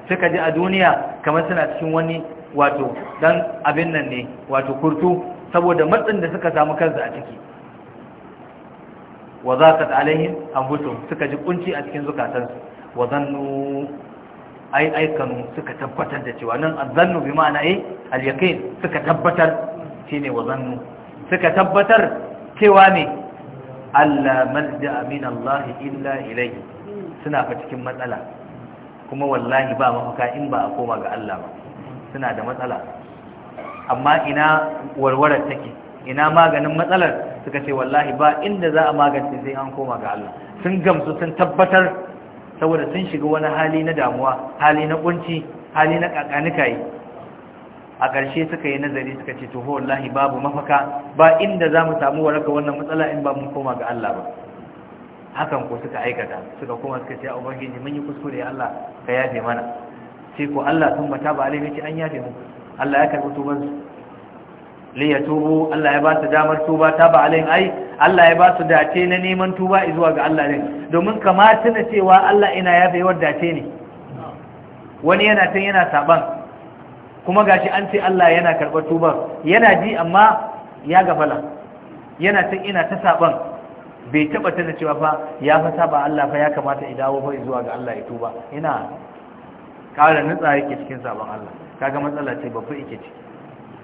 suka ji a duniya kamar suna cikin wani wato dan abin nan ne wato kurtu saboda matsin da suka samu kansu a ciki wa zaqat alaihim anfusuhum suka ji kunci a cikin zukatansu wa zannu ai aikanu suka tabbatar da cewa nan azannu bi ma'ana eh, al yaqin suka tabbatar shine wa suka tabbatar cewa ne Allah malja min Allah illa ilayhi suna fa cikin matsala kuma wallahi ba mafaka in ba a koma ga Allah ba suna da matsala amma ina warwarar take ina maganin matsalar suka ce wallahi ba inda za a magance sai an koma ga Allah sun gamsu sun tabbatar saboda sun shiga wani hali na damuwa hali na kunci hali na kakanikai a ƙarshe suka yi nazari suka ce to wallahi babu mafaka ba inda za mu samu waraka wannan matsala in ba mun koma ga Allah ba hakan ko suka aikata suka koma suka ce a ubangiji mun yi kuskure ya Allah ka yafe mana sai ko Allah sun mata ba alai ce an yafe mu Allah ya karɓi tuban su li tubu Allah ya ba su damar tuba ta ba alai ai Allah ya ba su dace na neman tuba zuwa ga Allah ne domin kamar tuna cewa Allah ina yafe wa dace ne wani yana tun yana saban kuma ga shi an ce Allah yana karɓar tubar yana ji amma ya gafala yana ta ina ta saban bai taba tana cewa fa ya fa saba Allah fa ya kamata ya dawo fa zuwa ga Allah ya tuba ina kare nutsa yake cikin saban Allah kaga matsala ce babba yake ciki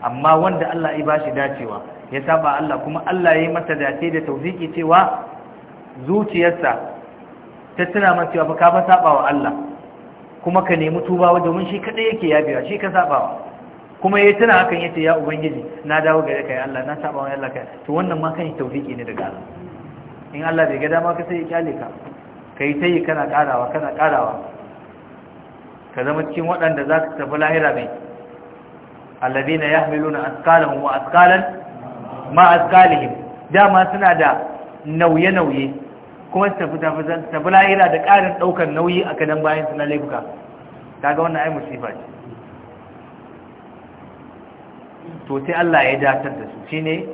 amma wanda Allah ya bashi dacewa ya saba Allah kuma Allah ya yi masa dace da tauziki cewa zuciyarsa ta tana masa cewa fa ka fa saba wa Allah kuma ka nemi tuba domin shi kadai yake yabewa shi ka sabawa kuma yi tuna hakan ce ya ubangiji na dawo gare ka ya Allah na sabawa ya Allah to wannan ma kan tawfiki ne daga Allah in Allah bai ga dama ka sai ya kyale ka kai yi kana karawa kana karawa ka zama cikin waɗanda za ka tafi lahira mai alladina yahmiluna asqalahum wa asqalan ma asqalihim dama suna da nauye-nauye kuma su tafi tafi tafi lahira da ƙarin ɗaukar nauyi a kadan bayan su na laifuka ga wannan ai musifa ce to sai Allah ya datar da su ne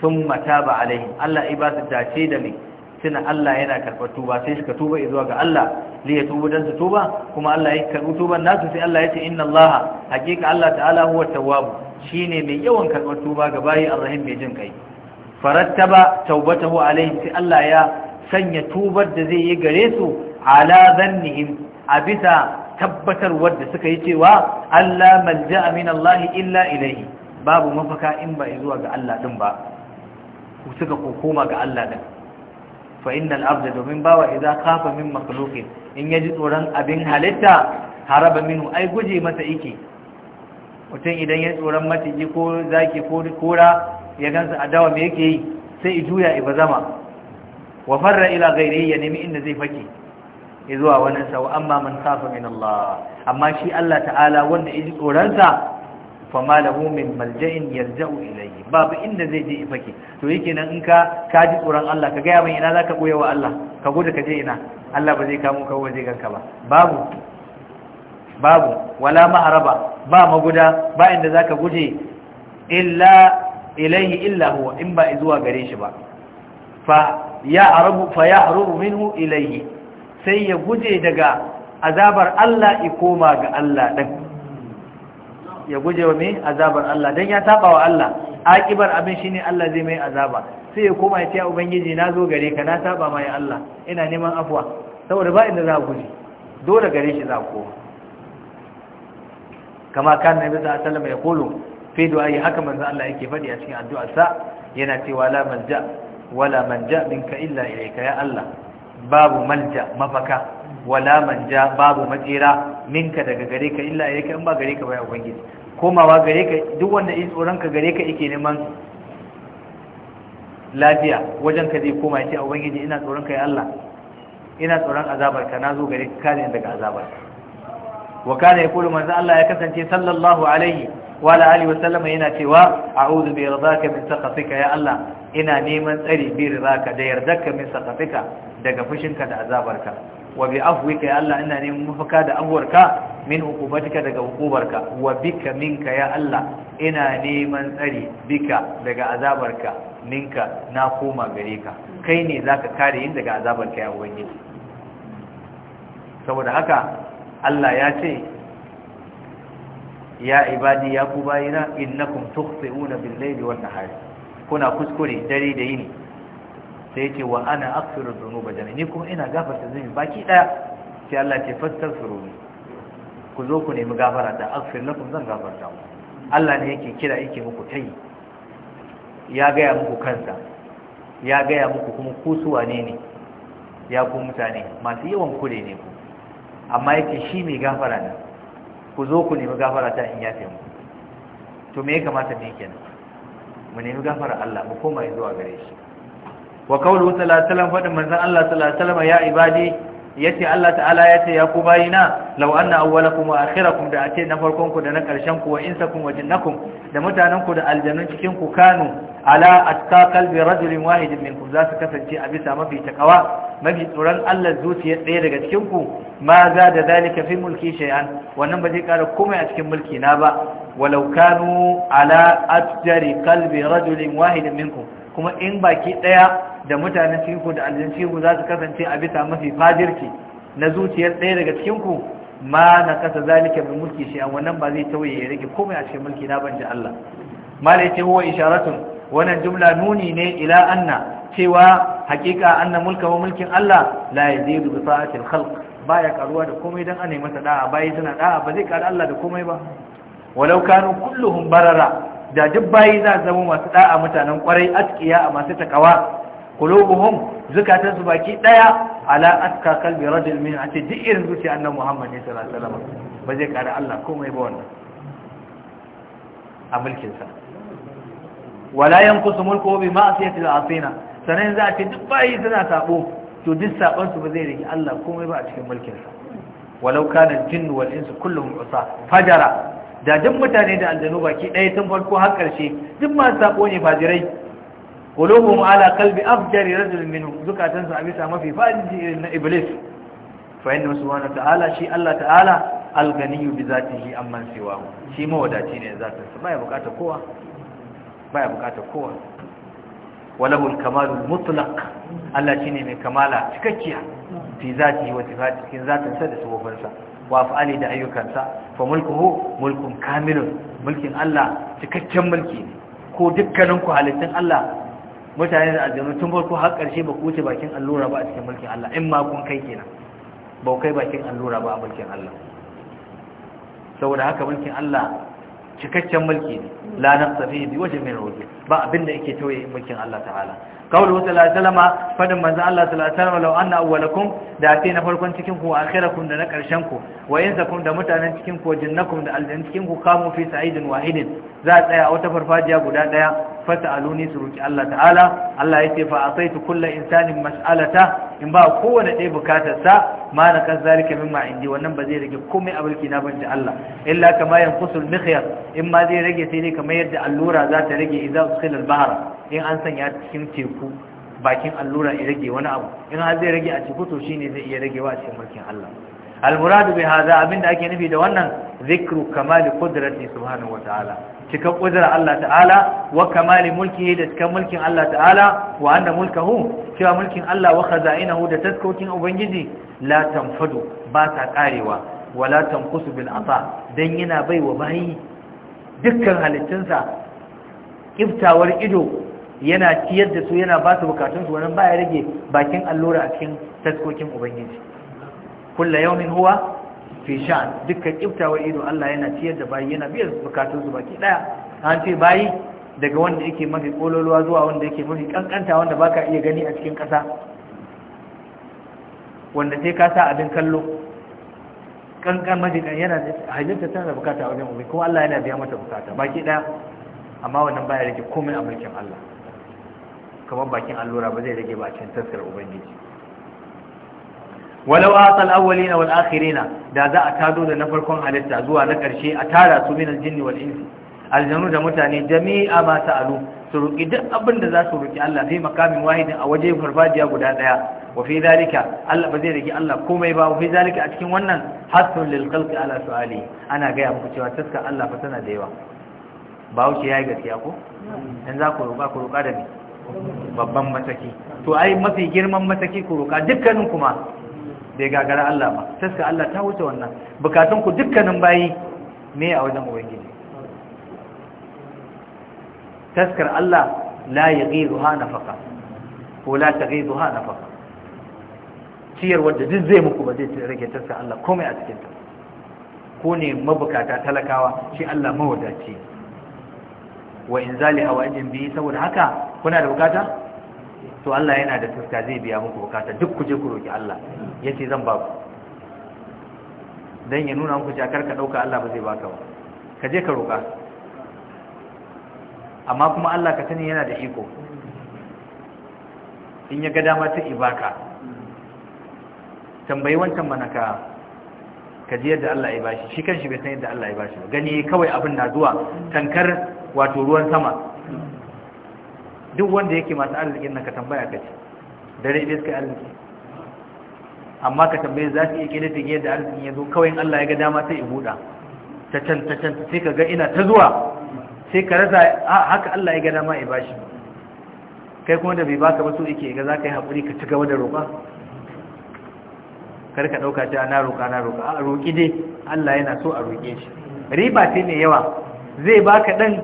sun mata ba alaihim Allah ya ba su dace da mai suna Allah yana karɓar tuba sai suka tuba zuwa ga Allah li ya tuba dan su tuba kuma Allah ya karɓi tuban nasu sai Allah ya ce inna Allah hakika Allah ta'ala huwa tawwab shine mai yawan karɓar tuba ga bayi arrahim mai jin kai farattaba tawbatahu alaihim sai Allah ya sanya tubar da zai yi gare su ala zannihim a bisa tabbatarwar da suka yi cewa Allah malja amin Allah illa ilai babu mafaka in ba zuwa ga Allah din ba ku suka koma ga Allah din fa abda domin bawa idza khafa min makhluqin in ji tsoron abin halitta haraba minhu ai guje masa yake mutum idan ya tsoron maciji ko zaki ko kora ya gansa adawa me yake yi sai i juya ba zama wa farra ila ghairihi ya nemi inda zai fake zuwa wani sa wa amma man khafa min Allah amma shi Allah ta'ala wanda yake tsoransa fa malahu min malja'in yalja'u ilayhi babu inda zai je fake to yake nan in ka ka ji tsoron Allah ka ga mai ina zaka boye wa Allah ka gode ka je ina Allah ba zai kamo ka waje ganka ba babu babu wala ma'araba ba maguda ba inda zaka guje illa ilayhi illa huwa in ba zuwa gare shi ba fa ya'rubu minhu ilayhi sai ya guje daga azabar Allah i koma ga Allah dan, ya guje wa me azabar Allah dan ya saba wa Allah akibar abin shine Allah zai mai azaba sai ya koma ya ce ubangiji na zo gare ka na saba mai Allah ina neman afwa saboda ba inda za ku guje dole gare shi za ku koma kama kan nabi sallallahu alaihi wasallam ya kulu fi du'a haka manzo Allah yake fadi a cikin addu'arsa yana cewa la manja wala manja minka illa ilayka ya Allah babu malja mafaka wala manja babu matsira minka daga gare ka illa ilayka in ba gare ka ba ya ubangiji komawa gare ka duk wanda in tsoron ka gare ka yake neman lafiya wajen ka zai koma yace ubangiji ina tsoron ka ya Allah ina tsoron azabar ka nazo gare ka kare daga azabar wa kana yaqulu manzo Allah ya kasance sallallahu alaihi wa alihi wa sallama yana cewa a'udhu bi ridaka min sakhatika ya Allah ina neman tsari bi ridaka da yardarka min sakhatika daga fushinka da azabarka wa bi afwika ya Allah ina neman mafaka da afwarka min hukumatika daga hukumarka wa bika minka ya Allah ina neman tsari bika daga azabarka minka na koma gare ka kai ne zaka kare yin daga azabarka ya ubangiji saboda haka Allah ya ce ya ibadi ya ku bayina innakum tukhti'una bil layli wan nahari kuna kuskure dare da yini sai yace wa ana aghfiru dhunuba jami'a ni kuma ina gafarta zumi baki daya sai Allah ya fassara fastaghfiruni ku zo ku nemi gafara da aghfir lakum zan gafarta ku. Allah ne yake kira yake muku tai ya gaya muku kansa ya gaya muku kuma ku su wane ne ya ku mutane masu yawan kure ne ku amma yake shi mai gafara ne ku zo ku nemi gafara ta in yafe mu to me ya kamata mu kenan mu nemi gafara Allah mu koma zuwa gare shi wa qawluhu sallallahu alaihi wasallam fadin manzon Allah sallallahu alaihi wasallam ya ibadi yace Allah ta'ala yace ya ku bayina law anna awwalakum wa akhirakum da ace na farkon ku da na karshen ku wa insakum wa jinnakum da mutanen ku da aljannun cikin ku kanu ala atta qalbi rajulin wahidin minkum za su kasance a bisa mafi takawa mafi tsoron Allah zuciya ɗaya daga cikin ku ma za da zalika fi mulki shay'an wannan ba zai kara komai a cikin mulki na ba walau kanu ala atjari qalbi rajulin wahidin minkum kuma in baki ɗaya da mutanen cikinku da aljin cikinku za su kasance a bisa mafi fajirci na zuciyar ɗaya daga cikinku ma na kasa zalika min mulki shi an wannan ba zai tauye ya rage komai a cikin mulki na banji Allah mala yace huwa isharatun wannan jumla nuni ne ila anna cewa hakika anna mulka wa mulkin Allah la yazidu bi sa'atil khalq baya karuwa da komai dan ana masa da'a bayi suna da'a ba zai karu Allah da komai ba walau kanu kulluhum barara da duk bayi za zama masu da'a mutanen kwarai a masu takawa qulubuhum zukatan su baki daya ala aska kalbi rajul min ati duk irin zuci annabi Muhammad sallallahu alaihi wasallam ba zai kare Allah komai ba wannan a mulkin sa wala yanqusu mulku bi ma'siyati al-asina sanan za ta duk bayi suna sabo to duk sabon su ba zai rike Allah komai ba a cikin mulkin sa walau kana jin wal insu kullum usa fajara da duk mutane da aljanu baki daya tun farko har karshe duk masu sabo ne fajirai qulubuhum ala qalbi afjari rajul minhum zukatan su abisa mafi fadin na iblis fa inna subhanahu ta'ala shi Allah ta'ala al-ganiyyu bi zatihi amman siwahu shi mawadaci ne zata sa baya bukata kowa baya bukata kowa walahu al-kamalu al-mutlaq Allah shine mai kamala cikakkiya fi zatihi wa sifatihi cikin zatin sa da sifofinsa wa af'ali da ayyukansa fa mulkuhu mulkin kamilun mulkin Allah cikakken mulki ne ko dukkanin halittun Allah mutane da aljanu tun farko har ƙarshe ba ku wuce bakin allura ba a cikin mulkin Allah in ma kun kai kenan ba kai bakin allura ba a mulkin Allah saboda haka mulkin Allah cikakken mulki ne la nafsa fihi bi waje. min ruhi ba abinda yake tauye mulkin Allah ta'ala qawlu sallallahu alaihi wasallam fadin manzo Allah sallallahu alaihi wasallam law anna awwalakum da ake na farkon cikin ku akhirakum da na karshen ku wa kun da mutanen cikin ku jinnakum da aljan cikin ku kamu fi sa'idin wahidin za a tsaya a wata farfajiya guda daya fata'aluni su roki Allah ta'ala Allah yake fa asaitu kullu insanin mas'alata in ba kowane ɗaya bukatar sa ma na kan zalika mimma indi wannan ba zai rage komai a bulki na banda Allah illa kama yanqusul mikhyar in ma zai rage sai dai kamar yadda allura za ta rage idan uskila al-bahra in an sanya cikin teku bakin allura ya rage wani abu in har zai rage a cikin to shine zai iya ragewa a cikin mulkin Allah al-muradu bi hadha abinda ake nufi da wannan zikru kamali qudrati subhanahu ta'ala. cikan ƙudurar Allah ta'ala wa kamali mulkihi da cikin mulkin Allah ta'ala wa anna hu cewa mulkin Allah wa khaza'inahu da taskokin ubangiji la tanfadu ba ta karewa wala tanqusu bil ata dan yana baiwa bayi dukkan halittunsa kiftawar ido yana ciyar da su yana ba su bukatun su wannan baya rage bakin allura a cikin taskokin ubangiji kullu yawmin huwa fishan dukkan kiftawa ido Allah yana ciyar da bayi yana biyar bukatun su baki daya an ce bayi daga wanda yake mafi kololuwa zuwa wanda yake mafi kankanta wanda baka iya gani a cikin kasa wanda sai ka sa abin kallo kankan majikan yana da hajjinta tana da bukata wajen ubi kuma Allah yana biya mata bukata baki daya amma wannan baya rage komai a mulkin Allah kamar bakin allura ba zai rage bakin taskar ubangiji walau asal awwalina wal akhirina da za a tado da na farkon halitta zuwa na karshe a tara su min aljinni wal insi aljanu da mutane jami'a ma sa'alu su roki duk abin da za su roki Allah fi makamin wahidin a waje farfajiya guda daya wa fi zalika Allah ba zai rage Allah komai ba wa fi zalika a cikin wannan hasun lil khalqi ala su'ali ana ga ya muku cewa taska Allah fa tana da yawa ba wuce yayi gaskiya ko dan za ku roka ku roka da ni babban mataki to ai mafi girman mataki ku roka dukkanin kuma ya gagara Allah ba suka Allah ta wuce wannan bukatun ku dukkanin bayi me a wajen ubangiji taskar Allah la na faka ko la na faka ciyar wadda duk zai muku ba zai rage taskar Allah komai a cikinta, ko ne mabukata talakawa shi Allah mawadaci wa in zali inzali hawajin biyu saboda haka kuna da bukata to Allah yana da fuska zai biya muku bukata duk ku je ku roki Allah yace zan ba ku dan ya nuna muku jakar ka dauka Allah ba zai baka ba ka je ka roka amma kuma Allah ka sani yana da iko in ya ga dama ta ibaka tambayi wancan manaka ka ji yadda Allah ya bashi shi kanshi bai san yadda Allah ya bashi gani kawai abin na zuwa tankar wato ruwan sama duk wanda yake masu arzikin nan ka tambaya ka ce dare bai suka arziki amma ka tambaye za su iya kilitin yadda arzikin ya zo kawai Allah ya ga dama sai ya buɗa ta can ta can sai ka ga ina ta zuwa sai ka rasa haka Allah ya ga dama ya bashi kai kuma da bai baka ba so yake ga za ka yi haƙuri ka ci gaba da roƙa kar ka ɗauka ta na roƙa na roƙa a roƙi dai Allah yana so a roƙe shi riba ce mai yawa zai baka ɗan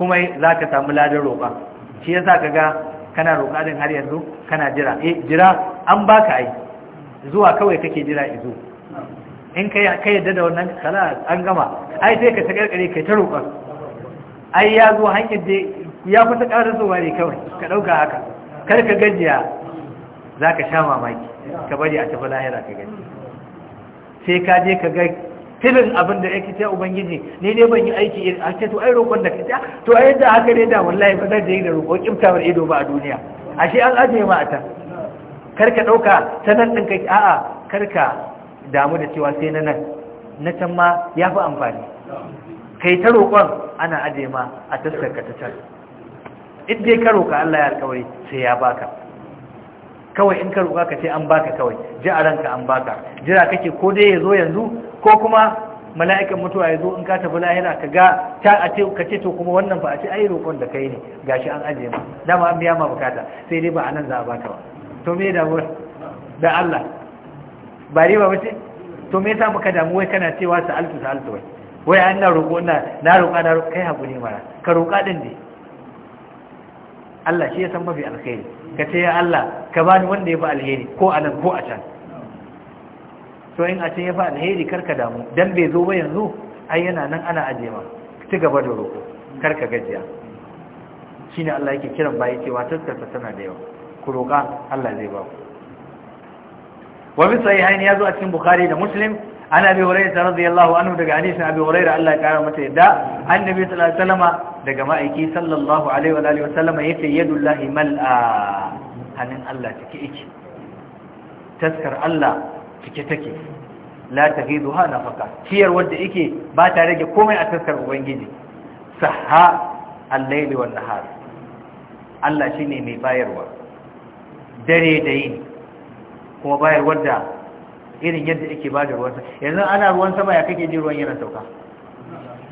kuma za ka samu ladan roƙa shi yasa ka ga kana roƙarin har yanzu kana jira eh jira an baka ai zuwa kawai kake jira izo in kai kai yadda da wannan kala an gama ai sai ka takarkare kai ta roƙa ai ya zo hanyar da ya fita ƙara zuwa ne kawai ka ɗauka haka kar ka gajiya za ka sha mamaki ka bari a tafi lahira ka gaji sai ka je ka ga filin abin da yake ta ubangiji ni ne ban yi aiki a ce to ai roƙon da kaita to a yadda haka ne da wallahi ba zan yi da roƙon kimtawar ido ba a duniya ashe an ajiye ma ata karka ɗauka ta nan ɗin kai a'a karka damu da cewa sai na nan na can ma ya fi amfani kai ta roƙon ana ajiye ma a ka ta can in dai ka roƙa Allah ya alƙawari sai ya baka kawai in ka roƙa ka ce an baka kawai ji a ranka an baka jira kake ko dai ya zo yanzu ko kuma mala'ikan mutuwa ya zo in ka tafi lahira ka ga ta a ce ka ce to kuma wannan fa a ce ai roƙon da kai ne gashi an ajiye ma dama an biya ma bukata sai dai ba anan za a baka ba to me damuwar da Allah ba riba ba ce to me yasa muka damu wai kana cewa sa'altu altu wai wai an na roƙo na na roƙa na kai hakuri mara ka roƙa din dai Allah shi ya san mafi alkhairi ka ce ya Allah ka bani wanda ya fi alheri ko a nan ko a can To in a ce ya fi alheri karka damu dan bai zo ba yanzu ai yana nan ana aje ma ci gaba da roƙo karka gajiya ne Allah yake kiran baya cewa taskarsa tana da yawa ku roƙa Allah zai ba ku wa bi ya yazo a cikin bukhari da muslim an abi ta radiyallahu anhu daga hadisin abi da Allah ya kara mata yadda annabi sallallahu alaihi wasallam daga ma'aiki sallallahu alaihi wa alihi wasallam yace yadullahi mal'a hannun Allah take yake taskar Allah cike take la zuwa na nafaka ciyar wanda yake ba ta rage komai a taskar ubangiji Sahha al-layli wan nahar Allah shine mai bayarwa dare da yini kuma bayarwar da irin yadda yake ba da ruwan sama yanzu ana ruwan sama ya kake ji ruwan yana sauka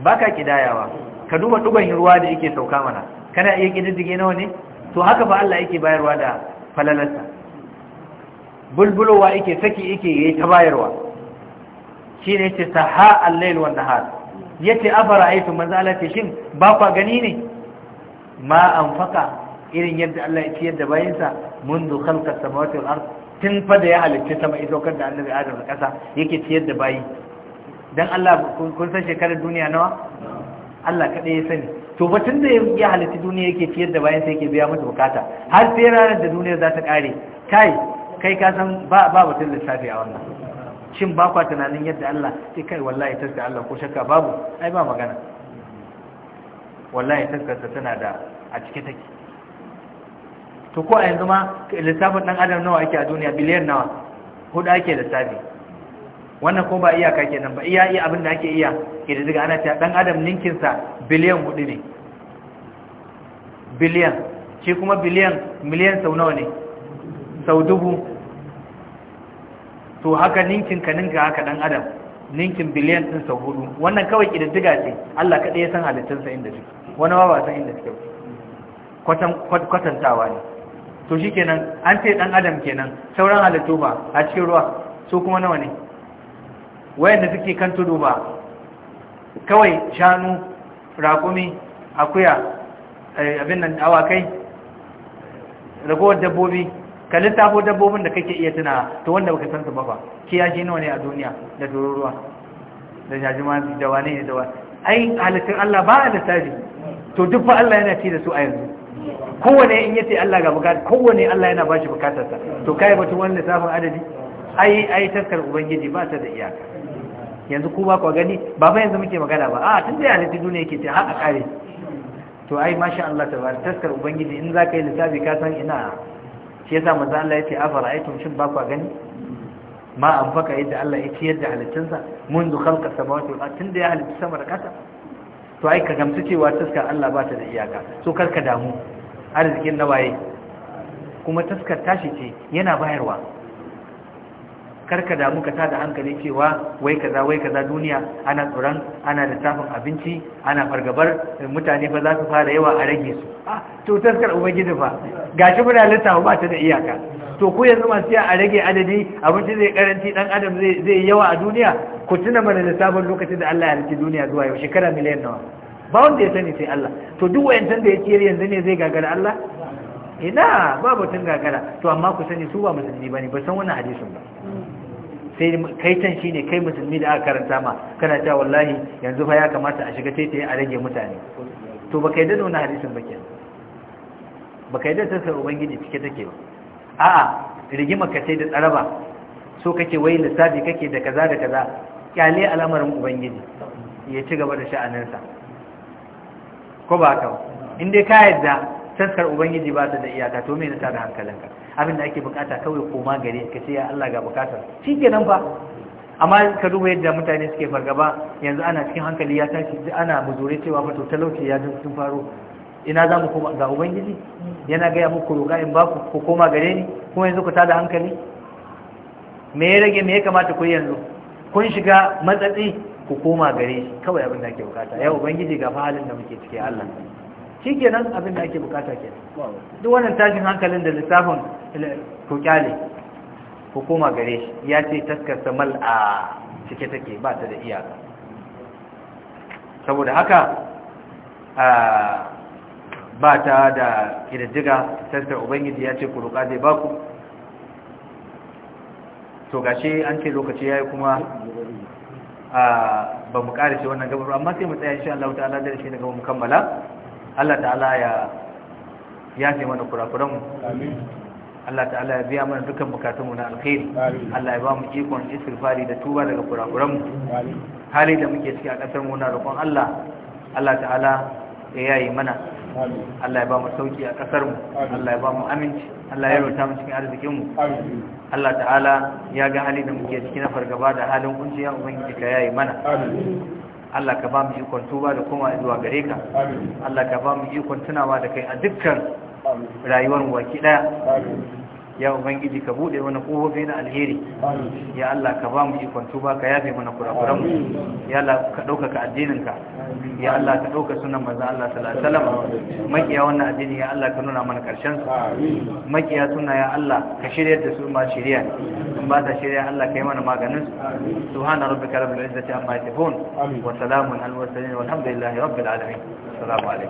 baka kidayawa ka duba duban ruwa da yake sauka mana kana iya kididdige nawa ne to haka ba Allah yake bayarwa da falalarsa bulbulowa yake saki yake yayi ta bayarwa shine yace saha al wa an nahar yace afara'aytu manzalati shin ba kwa gani ne ma anfaqa irin yadda Allah ya yadda bayinsa mundu khalqa samawati wal ard tun fa da ya halicce sama ido kan da annabi Adam da kasa yake ciyar da bayi dan Allah kun san shekarar duniya nawa Allah kaɗai ya sani to batun da ya halitta duniya yake ciyar da bayinsa yake biya mata bukata har sai ranar da duniya za ta kare kai kai ka san ba ba batun lissafi a wannan shin ba kwa tunanin yadda Allah sai kai wallahi taska Allah ko shakka babu ai ba magana wallahi ta tana da a cike take to ko a yanzu ma lissafin dan adam nawa ake a duniya biliyan nawa hudu ake lissafi wannan ko ba iyaka kenan ba iya iya abin da ake iya ke daga ana cewa dan adam ninkinsa biliyan hudu ne biliyan shi kuma biliyan miliyan sau nawa ne sau dubu to haka ninkin ka ninka haka dan adam ninkin biliyan din sa hudu wannan kawai kididdiga ce Allah kaɗai ya san sa inda suke wani ba ba san inda suke kwatan kwatantawa ne to shikenan an ce dan adam kenan sauran halittu ba a cikin ruwa su kuma nawa ne wayanda suke kan tudu ba kawai shanu raƙumi akuya eh, abin nan awakai ragowar dabbobi ka littafo dabbobin da kake iya tuna to wanda baka san su ba fa kiyashi nawa ne a duniya da tururuwa da jajima da wane ne da wane ai halittun Allah ba a littafi to duk fa Allah yana ci da su a yanzu kowane in yace Allah ga bukata kowane Allah yana bashi bukatarsa to kai batun wani littafin adadi ai ai taskar ubangiji ba ta da iyaka yanzu ku ba ku gani ba ba yanzu muke magana ba a tun da halittun duniya yake ta har a kare to ai masha Allah tabar taskar ubangiji in za ka yi littafi ka san ina shi yasa manzo Allah yace afara'aytum shin ba ku gani ma anfaka yadda Allah ya ciyar da halittunsa منذ خلق السماوات والارض tunda ya halitta sama da kasa to ai ka gamsu cewa taska Allah ba ta da iyaka so ka damu arzikin nawaye kuma taskar tashi ce yana bayarwa karka damu ka tada hankali cewa wai kaza wai kaza duniya ana tsoron ana da tafin abinci ana fargabar mutane ba za su fara yawa a rage su ah, to taskar ubangiji fa gashi muna littafa ba ta da iyaka to ku yanzu masu ya a rage adadi abinci zai karanci dan adam zai yawa a duniya ku tuna mana lissafin lokacin da Allah ya halitta duniya zuwa yau shekara miliyan nawa ba wanda ya sani sai Allah to duk wayancan da ya ciyar yanzu ne zai gagara Allah ina ba batun gagara to amma ku sani su ba musulmi bane ba san wannan hadisin ba sai kai can shine kai musulmi da aka karanta ma kana cewa wallahi yanzu fa ya kamata a shiga tete a rage mutane to baka yadda da nuna hadisin ba kenan baka yadda ta sai ubangiji cike take ba a'a rigima ka sai da tsaraba so kake wai lissafi kake da kaza da kaza kyale al'amarin ubangiji ya ci gaba da sha'aninsa ko ba ka in dai ka yadda taskar ubangiji ba ta da iyaka to me ta da hankalinka abin da ake bukata kawai koma gare ka ce ya Allah ga bukatar nan ba amma ka duba yadda mutane suke fargaba yanzu ana cikin hankali ya tashi ana muzure cewa mato talauci ya sun faro ina za mu koma ga ubangiji yana gaya muku roga in baku ku koma gare ni kuma yanzu ku tada hankali me ya rage me ya kamata ku yanzu kun shiga matsatsi ku koma gare shi kawai abin da ake bukata ya ubangiji ga fa halin da muke ciki Allah shi kenan abin da ake bukata kenan duk wannan tashin hankalin da lissafin ku kyale gare shi ya ce taskarsa a cike take ba ta da iyaka saboda haka ba ta da kirjiga taskar ubangiji ya ce kuruka zai ba ku to gashi an ce lokaci yayi kuma ba mu ƙarishe wannan gabar amma sai mu tsaya insha Allah ta'ala da shi daga mu kammala Allah ta'ala ya yafe mana kurakuran mu Allah ta'ala ya biya mana dukkan bukatunmu na alkhairi Allah ya ba mu ikon istighfari da tuba daga kurakuran mu hali da muke ciki a kasar mu na roƙon Allah Allah ta'ala ya yayi mana Allah ya ba mu sauki a kasar mu Allah ya ba mu aminci Allah ya rubuta mu cikin arzikin mu Allah ta'ala ya ga hali da muke ciki na fargaba da halin kunci ya ubangiji ka yayi mana Allah ka ba mu ikon tuba da kuma zuwa gare ka Allah ka ba mu ikon tunawa da kai a dukkan rayuwar waki ɗaya. daya ya ubangiji ka bude wani kofofi na alheri ya Allah ka ba mu ikon tuba ka yafe mana kurakuran mu ya Allah ka dauka ka addinin ka ya Allah ka dauka sunan manzon Allah sallallahu alaihi wasallam makiya wannan addini ya Allah ka nuna mana karshen su makiya suna ya Allah ka shiryar da su ma shiriya in ba ta shiriya Allah ka yi mana maganin su subhana rabbika rabbil izzati amma yasifun wa salamun al mursalin walhamdulillahi rabbil alamin assalamu alaikum